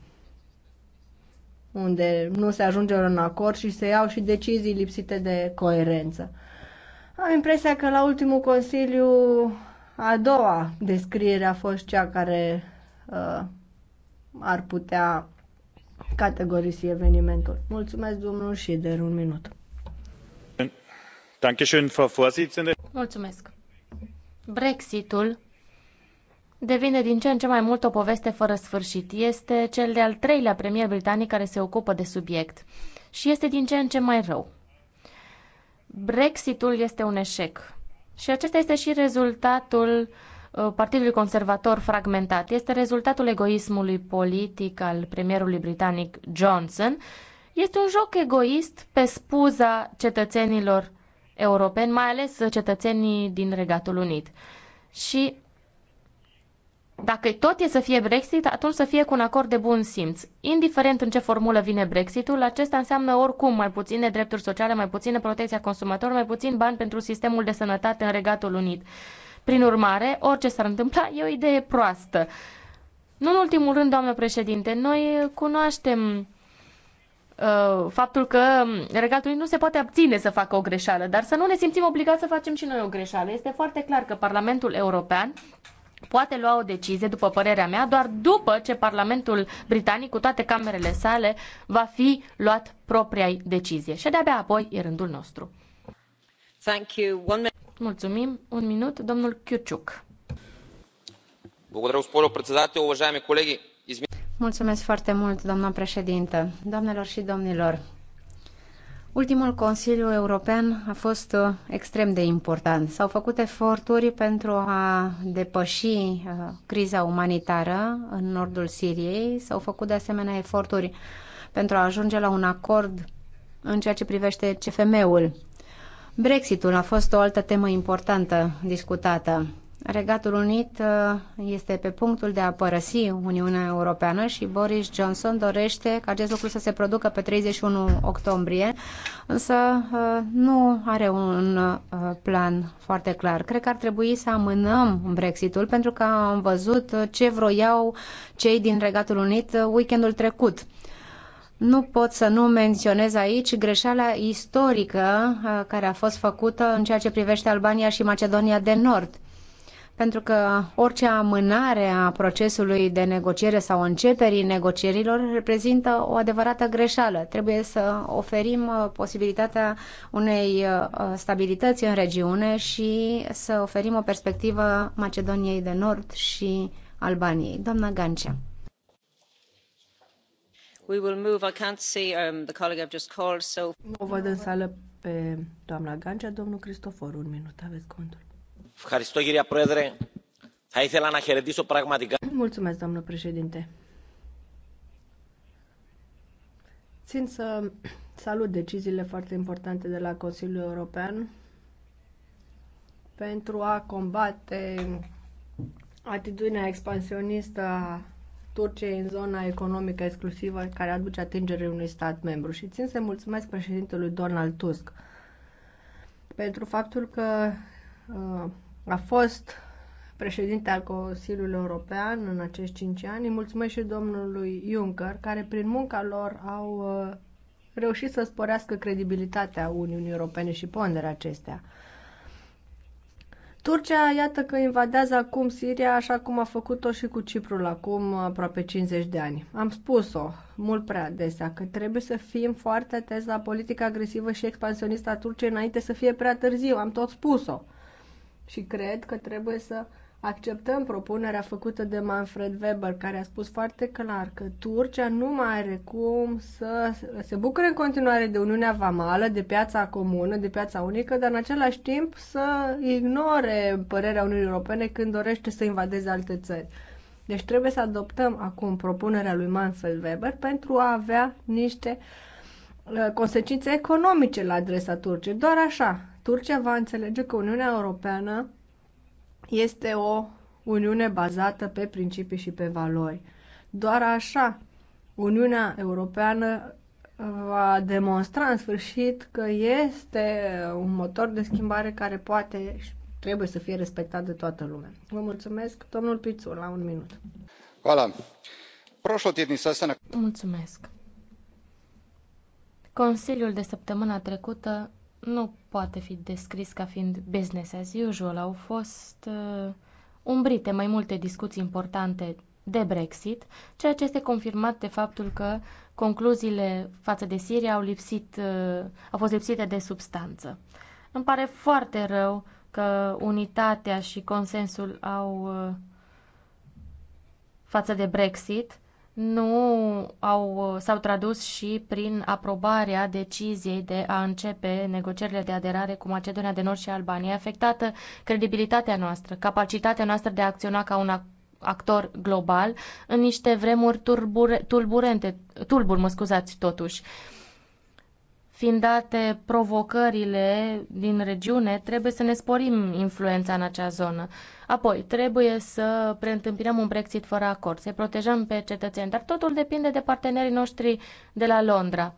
Unde nu se ajunge la un acord și se iau și decizii lipsite de coerență. Am impresia că la ultimul Consiliu a doua descriere a fost cea care uh, ar putea categorisi evenimentul. Mulțumesc, domnul Șider, un minut. Mulțumesc. Brexitul devine din ce în ce mai mult o poveste fără sfârșit. Este cel de-al treilea premier britanic care se ocupă de subiect și este din ce în ce mai rău. Brexitul este un eșec și acesta este și rezultatul uh, Uh, Partidului Conservator fragmentat. Este rezultatul egoismului politic al premierului britanic Johnson. Este un joc egoist pe spuza cetățenilor europeni, mai ales cetățenii din Regatul Unit. Și dacă tot e să fie Brexit, atunci să fie cu un acord de bun simț. Indiferent în ce formulă vine Brexitul, acesta înseamnă oricum mai puține drepturi sociale, mai puține protecția consumatorilor, mai puțin bani pentru sistemul de sănătate în Regatul Unit. Prin urmare, orice s-ar întâmpla e o idee proastă. Nu în ultimul rând, doamnă președinte, noi cunoaștem uh, faptul că Regatul nu se poate abține să facă o greșeală, dar să nu ne simțim obligați să facem și noi o greșeală. Este foarte clar că Parlamentul European poate lua o decizie, după părerea mea, doar după ce Parlamentul Britanic, cu toate camerele sale, va fi luat propria decizie. Și de-abia apoi e rândul nostru. Thank you. One Mulțumim. Un minut, domnul Chiuciuc. Mulțumesc foarte mult, doamna președintă. Doamnelor și domnilor, Ultimul Consiliu European a fost uh, extrem de important. S-au făcut eforturi pentru a depăși uh, criza umanitară în nordul Siriei, s-au făcut de asemenea eforturi pentru a ajunge la un acord în ceea ce privește CFM-ul. Brexitul a fost o altă temă importantă discutată. Regatul Unit uh, este pe punctul de a părăsi Uniunea Europeană și Boris Johnson dorește ca acest lucru să se producă pe 31 octombrie, însă uh, nu are un uh, plan foarte clar. Cred că ar trebui să amânăm Brexitul pentru că am văzut ce vroiau cei din Regatul Unit weekendul trecut nu pot să nu menționez aici greșeala istorică uh, care a fost făcută în ceea ce privește Albania și Macedonia de Nord pentru că orice amânare a procesului de negociere sau începerii negocierilor reprezintă o adevărată greșeală. Trebuie să oferim uh, posibilitatea unei uh, stabilități în regiune și să oferim o perspectivă Macedoniei de Nord și Albaniei. Doamna Gancea. Um, domnule Domnul Cristofor, un minut, Mulțumesc, președinte. Țin să salut deciziile foarte importante de la Consiliul European pentru a combate atitudinea expansionistă a Turciei în zona economică exclusivă care aduce atingere unui stat membru. Și țin să mulțumesc președintelui Donald Tusk pentru faptul că uh, a fost președinte al Consiliului European în acești cinci ani. Îi mulțumesc și domnului Juncker, care prin munca lor au uh, reușit să sporească credibilitatea Uniunii Europene și ponderea acestea. Turcia, iată că invadează acum Siria așa cum a făcut-o și cu Ciprul acum aproape 50 de ani. Am spus-o mult prea adesea că trebuie să fim foarte atenți la politica agresivă și expansionistă a Turciei înainte să fie prea târziu. Am tot spus-o. Și cred că trebuie să acceptăm propunerea făcută de Manfred Weber, care a spus foarte clar că Turcia nu mai are cum să se bucure în continuare de Uniunea Vamală, de piața comună, de piața unică, dar în același timp să ignore părerea Uniunii Europene când dorește să invadeze alte țări. Deci trebuie să adoptăm acum propunerea lui Manfred Weber pentru a avea niște uh, consecințe economice la adresa Turciei. Doar așa, Turcia va înțelege că Uniunea Europeană este o uniune bazată pe principii și pe valori. Doar așa Uniunea Europeană uh, va demonstra în sfârșit că este un motor de schimbare care poate și trebuie să fie respectat de toată lumea. Vă mulțumesc, domnul Pițur, la un minut. Hvala. Mulțumesc. Consiliul de săptămâna trecută nu poate fi descris ca fiind business as usual. Au fost uh, umbrite mai multe discuții importante de Brexit, ceea ce este confirmat de faptul că concluziile față de Siria au, lipsit, uh, au fost lipsite de substanță. Îmi pare foarte rău că unitatea și consensul au uh, față de Brexit nu au, s-au tradus și prin aprobarea deciziei de a începe negocierile de aderare cu Macedonia de Nord și Albania, afectată credibilitatea noastră, capacitatea noastră de a acționa ca un actor global în niște vremuri turbure, tulburente, tulbur, mă scuzați, totuși. Uh, Fiind date provocările din regiune, trebuie să ne sporim influența în acea zonă. Apoi, trebuie să preîntâmpinăm un Brexit fără acord, să protejăm pe cetățeni, dar totul depinde de partenerii noștri de la Londra.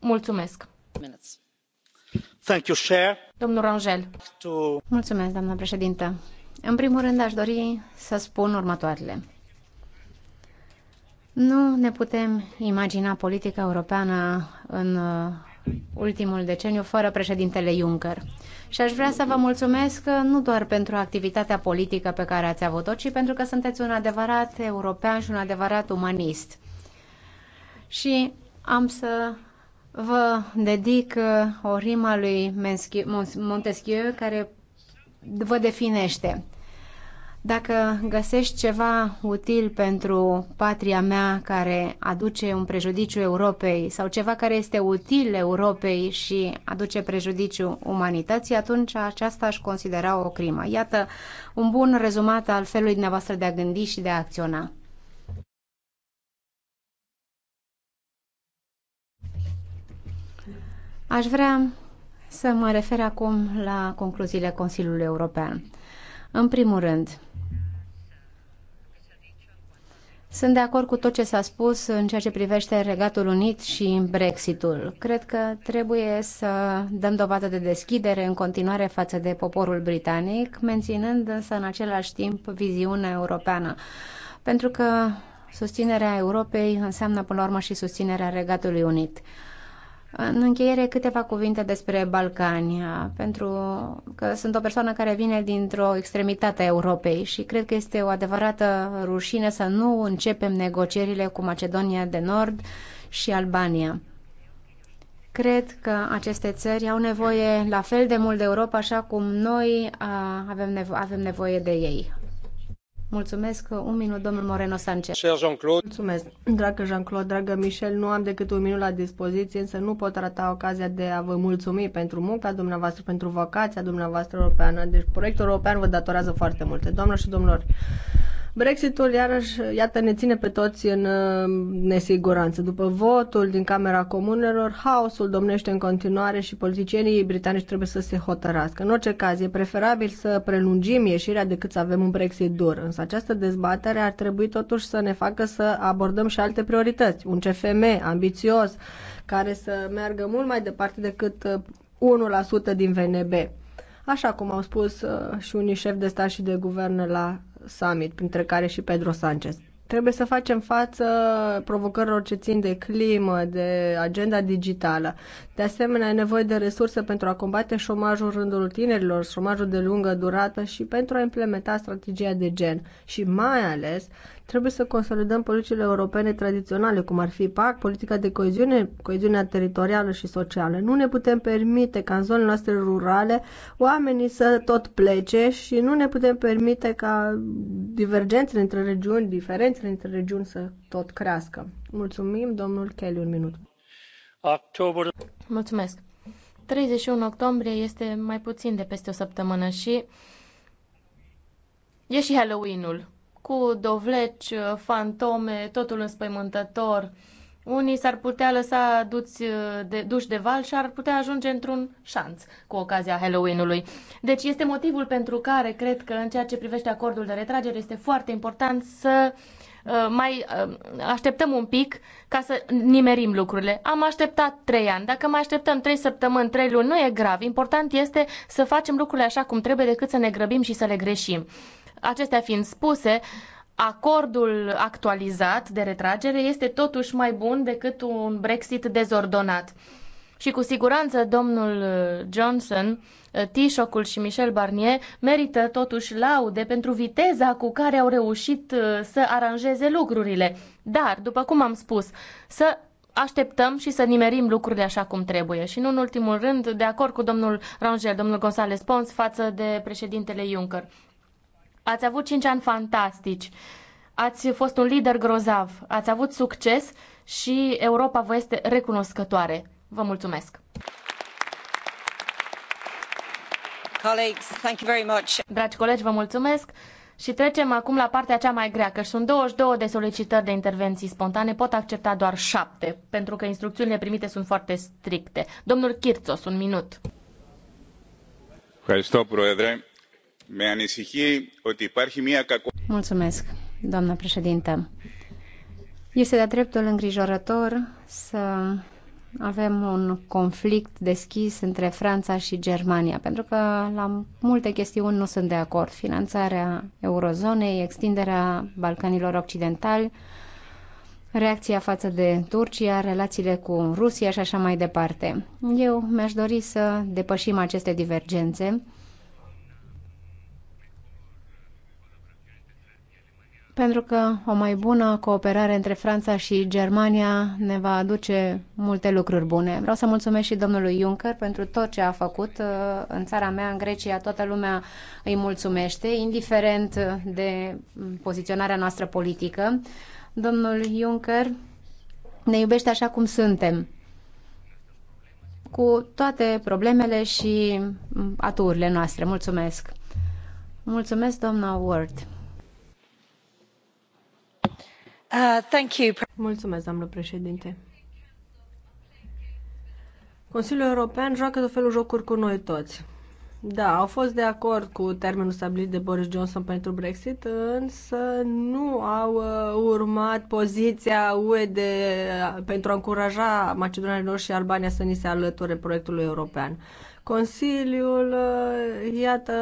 Mulțumesc. Thank you, Chair. Domnul Rangel. To... Mulțumesc, doamnă președintă. În primul rând, aș dori să spun următoarele. Nu ne putem imagina politica europeană în uh, ultimul deceniu fără președintele Juncker. Și aș vrea să vă mulțumesc uh, nu doar pentru activitatea politică pe care ați avut-o, ci pentru că sunteți un adevărat european și un adevărat umanist. Și am să vă dedic uh, o rima lui Montesquieu care vă definește. Dacă găsești ceva util pentru patria mea care aduce un prejudiciu Europei sau ceva care este util Europei și aduce prejudiciu umanității, atunci aceasta aș considera o crimă. Iată un bun rezumat al felului dumneavoastră de a gândi și de a acționa. Aș vrea să mă refer acum la concluziile Consiliului European. În primul rând, sunt de acord cu tot ce s-a spus în ceea ce privește Regatul Unit și Brexitul. Cred că trebuie să dăm dovadă de deschidere în continuare față de poporul britanic, menținând însă în același timp viziunea europeană. Pentru că susținerea Europei înseamnă până la urmă și susținerea Regatului Unit. În încheiere, câteva cuvinte despre Balcani, pentru că sunt o persoană care vine dintr-o extremitate a Europei și cred că este o adevărată rușine să nu începem negocierile cu Macedonia de Nord și Albania. Cred că aceste țări au nevoie la fel de mult de Europa, așa cum noi avem, nevo- avem nevoie de ei. Mulțumesc. Un minut, domnul Moreno Sanchez. Cher Jean-Claude. Mulțumesc. Dragă Jean-Claude, dragă Michel, nu am decât un minut la dispoziție, însă nu pot rata ocazia de a vă mulțumi pentru munca dumneavoastră, pentru vocația dumneavoastră europeană. Deci proiectul european vă datorează foarte multe. Doamnă și domnilor, Brexitul, iarăși, iată, ne ține pe toți în uh, nesiguranță. După votul din Camera Comunelor, haosul domnește în continuare și politicienii britanici trebuie să se hotărască. În orice caz, e preferabil să prelungim ieșirea decât să avem un Brexit dur. Însă această dezbatere ar trebui totuși să ne facă să abordăm și alte priorități. Un CFM ambițios, care să meargă mult mai departe decât 1% uh, din VNB. Așa cum au spus uh, și unii șefi de stat și de guvern la summit, printre care și Pedro Sanchez. Trebuie să facem față provocărilor ce țin de climă, de agenda digitală. De asemenea, e nevoie de resurse pentru a combate șomajul rândul tinerilor, șomajul de lungă durată și pentru a implementa strategia de gen și mai ales Trebuie să consolidăm politicile europene tradiționale, cum ar fi PAC, politica de coeziune, coeziunea teritorială și socială. Nu ne putem permite ca în zonele noastre rurale oamenii să tot plece și nu ne putem permite ca divergențele între regiuni, diferențele între regiuni să tot crească. Mulțumim, domnul Kelly, un minut. October. Mulțumesc. 31 octombrie este mai puțin de peste o săptămână și e și Halloween-ul cu dovleci, uh, fantome, totul înspăimântător. Unii s-ar putea lăsa duți uh, de, duși de val și ar putea ajunge într-un șanț cu ocazia Halloween-ului. Deci este motivul pentru care cred că în ceea ce privește acordul de retragere este foarte important să uh, mai așteptăm un pic ca să nimerim lucrurile. Am așteptat trei ani. Dacă mai așteptăm trei săptămâni, trei luni, nu e grav. Important este să facem lucrurile așa cum trebuie decât să ne grăbim și să le greșim. Acestea fiind spuse, acordul actualizat de retragere este totuși mai bun decât un Brexit dezordonat. Și cu siguranță domnul uh, Johnson, uh, taoiseach și Michel Barnier merită totuși laude pentru viteza cu care au reușit uh, să aranjeze lucrurile. Dar, după cum am spus, să așteptăm și să nimerim lucrurile așa cum trebuie. Și nu în ultimul rând, de acord cu domnul Rangel, domnul González Pons față de președintele Juncker. Ați avut cinci ani fantastici. Ați fost un lider grozav. Ați avut succes și Europa vă este recunoscătoare. Vă mulțumesc! Colegi, thank you very much. Dragi colegi, vă mulțumesc și trecem acum la partea cea mai grea, că sunt 22 de solicitări de intervenții spontane, pot accepta doar 7, pentru că instrucțiunile primite sunt foarte stricte. Domnul Chirțos, un minut. Hristo, proedre. Mulțumesc, doamnă președintă. Este de-a dreptul îngrijorător să avem un conflict deschis între Franța și Germania, pentru că la multe chestiuni nu sunt de acord. Finanțarea eurozonei, extinderea Balcanilor Occidentali, reacția față de Turcia, relațiile cu Rusia și așa mai departe. Eu mi-aș dori să depășim aceste divergențe pentru că o mai bună cooperare între Franța și Germania ne va aduce multe lucruri bune. Vreau să mulțumesc și domnului Juncker pentru tot ce a făcut uh, în țara mea, în Grecia, toată lumea îi mulțumește, indiferent de poziționarea noastră politică. Domnul Juncker ne iubește așa cum suntem cu toate problemele și aturile noastre. Mulțumesc! Mulțumesc, doamna Ward! Uh, Mulțumesc, doamnă președinte. Consiliul European joacă tot felul jocuri cu noi toți. Da, au fost de acord cu termenul stabilit de Boris Johnson pentru Brexit, însă nu au uh, urmat poziția UE de, uh, pentru a încuraja Macedonia Nord și Albania să ni se alăture proiectului european. Consiliul, uh, iată,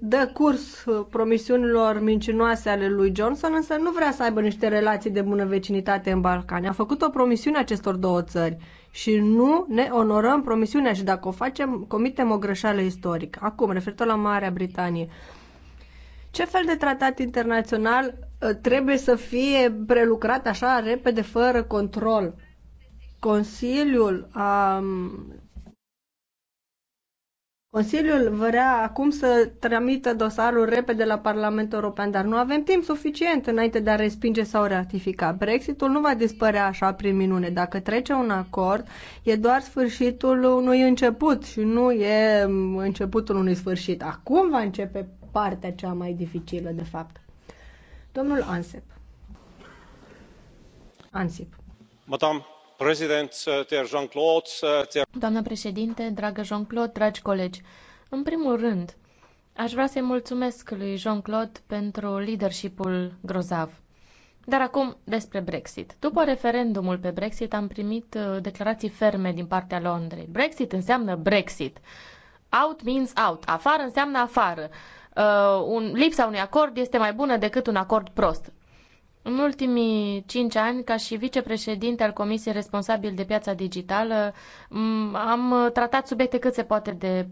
dă curs uh, promisiunilor mincinoase ale lui Johnson, însă nu vrea să aibă niște relații de bună vecinitate în Balcani. A făcut o promisiune acestor două țări și nu ne onorăm promisiunea și dacă o facem, comitem o greșeală istorică. Acum, referitor la Marea Britanie, ce fel de tratat internațional uh, trebuie să fie prelucrat așa repede, fără control? Consiliul a um, Consiliul vrea acum să tramită dosarul repede la Parlamentul European, dar nu avem timp suficient înainte de a respinge sau ratifica. Brexitul nu va dispărea așa prin minune. Dacă trece un acord, e doar sfârșitul unui început și nu e începutul unui sfârșit. Acum va începe partea cea mai dificilă, de fapt. Domnul Ansep. Ansip. Madame, Uh, uh, Doamnă președinte, dragă Jean-Claude, dragi colegi, în primul rând, aș vrea să-i mulțumesc lui Jean-Claude pentru leadership-ul grozav. Dar acum despre Brexit. După referendumul pe Brexit am primit uh, declarații ferme din partea Londrei. Brexit înseamnă Brexit. Out means out. Afară înseamnă afară. Uh, un, lipsa unui acord este mai bună decât un acord prost. În ultimii cinci ani, ca și vicepreședinte al Comisiei responsabil de piața digitală, am uh, tratat subiecte cât se poate de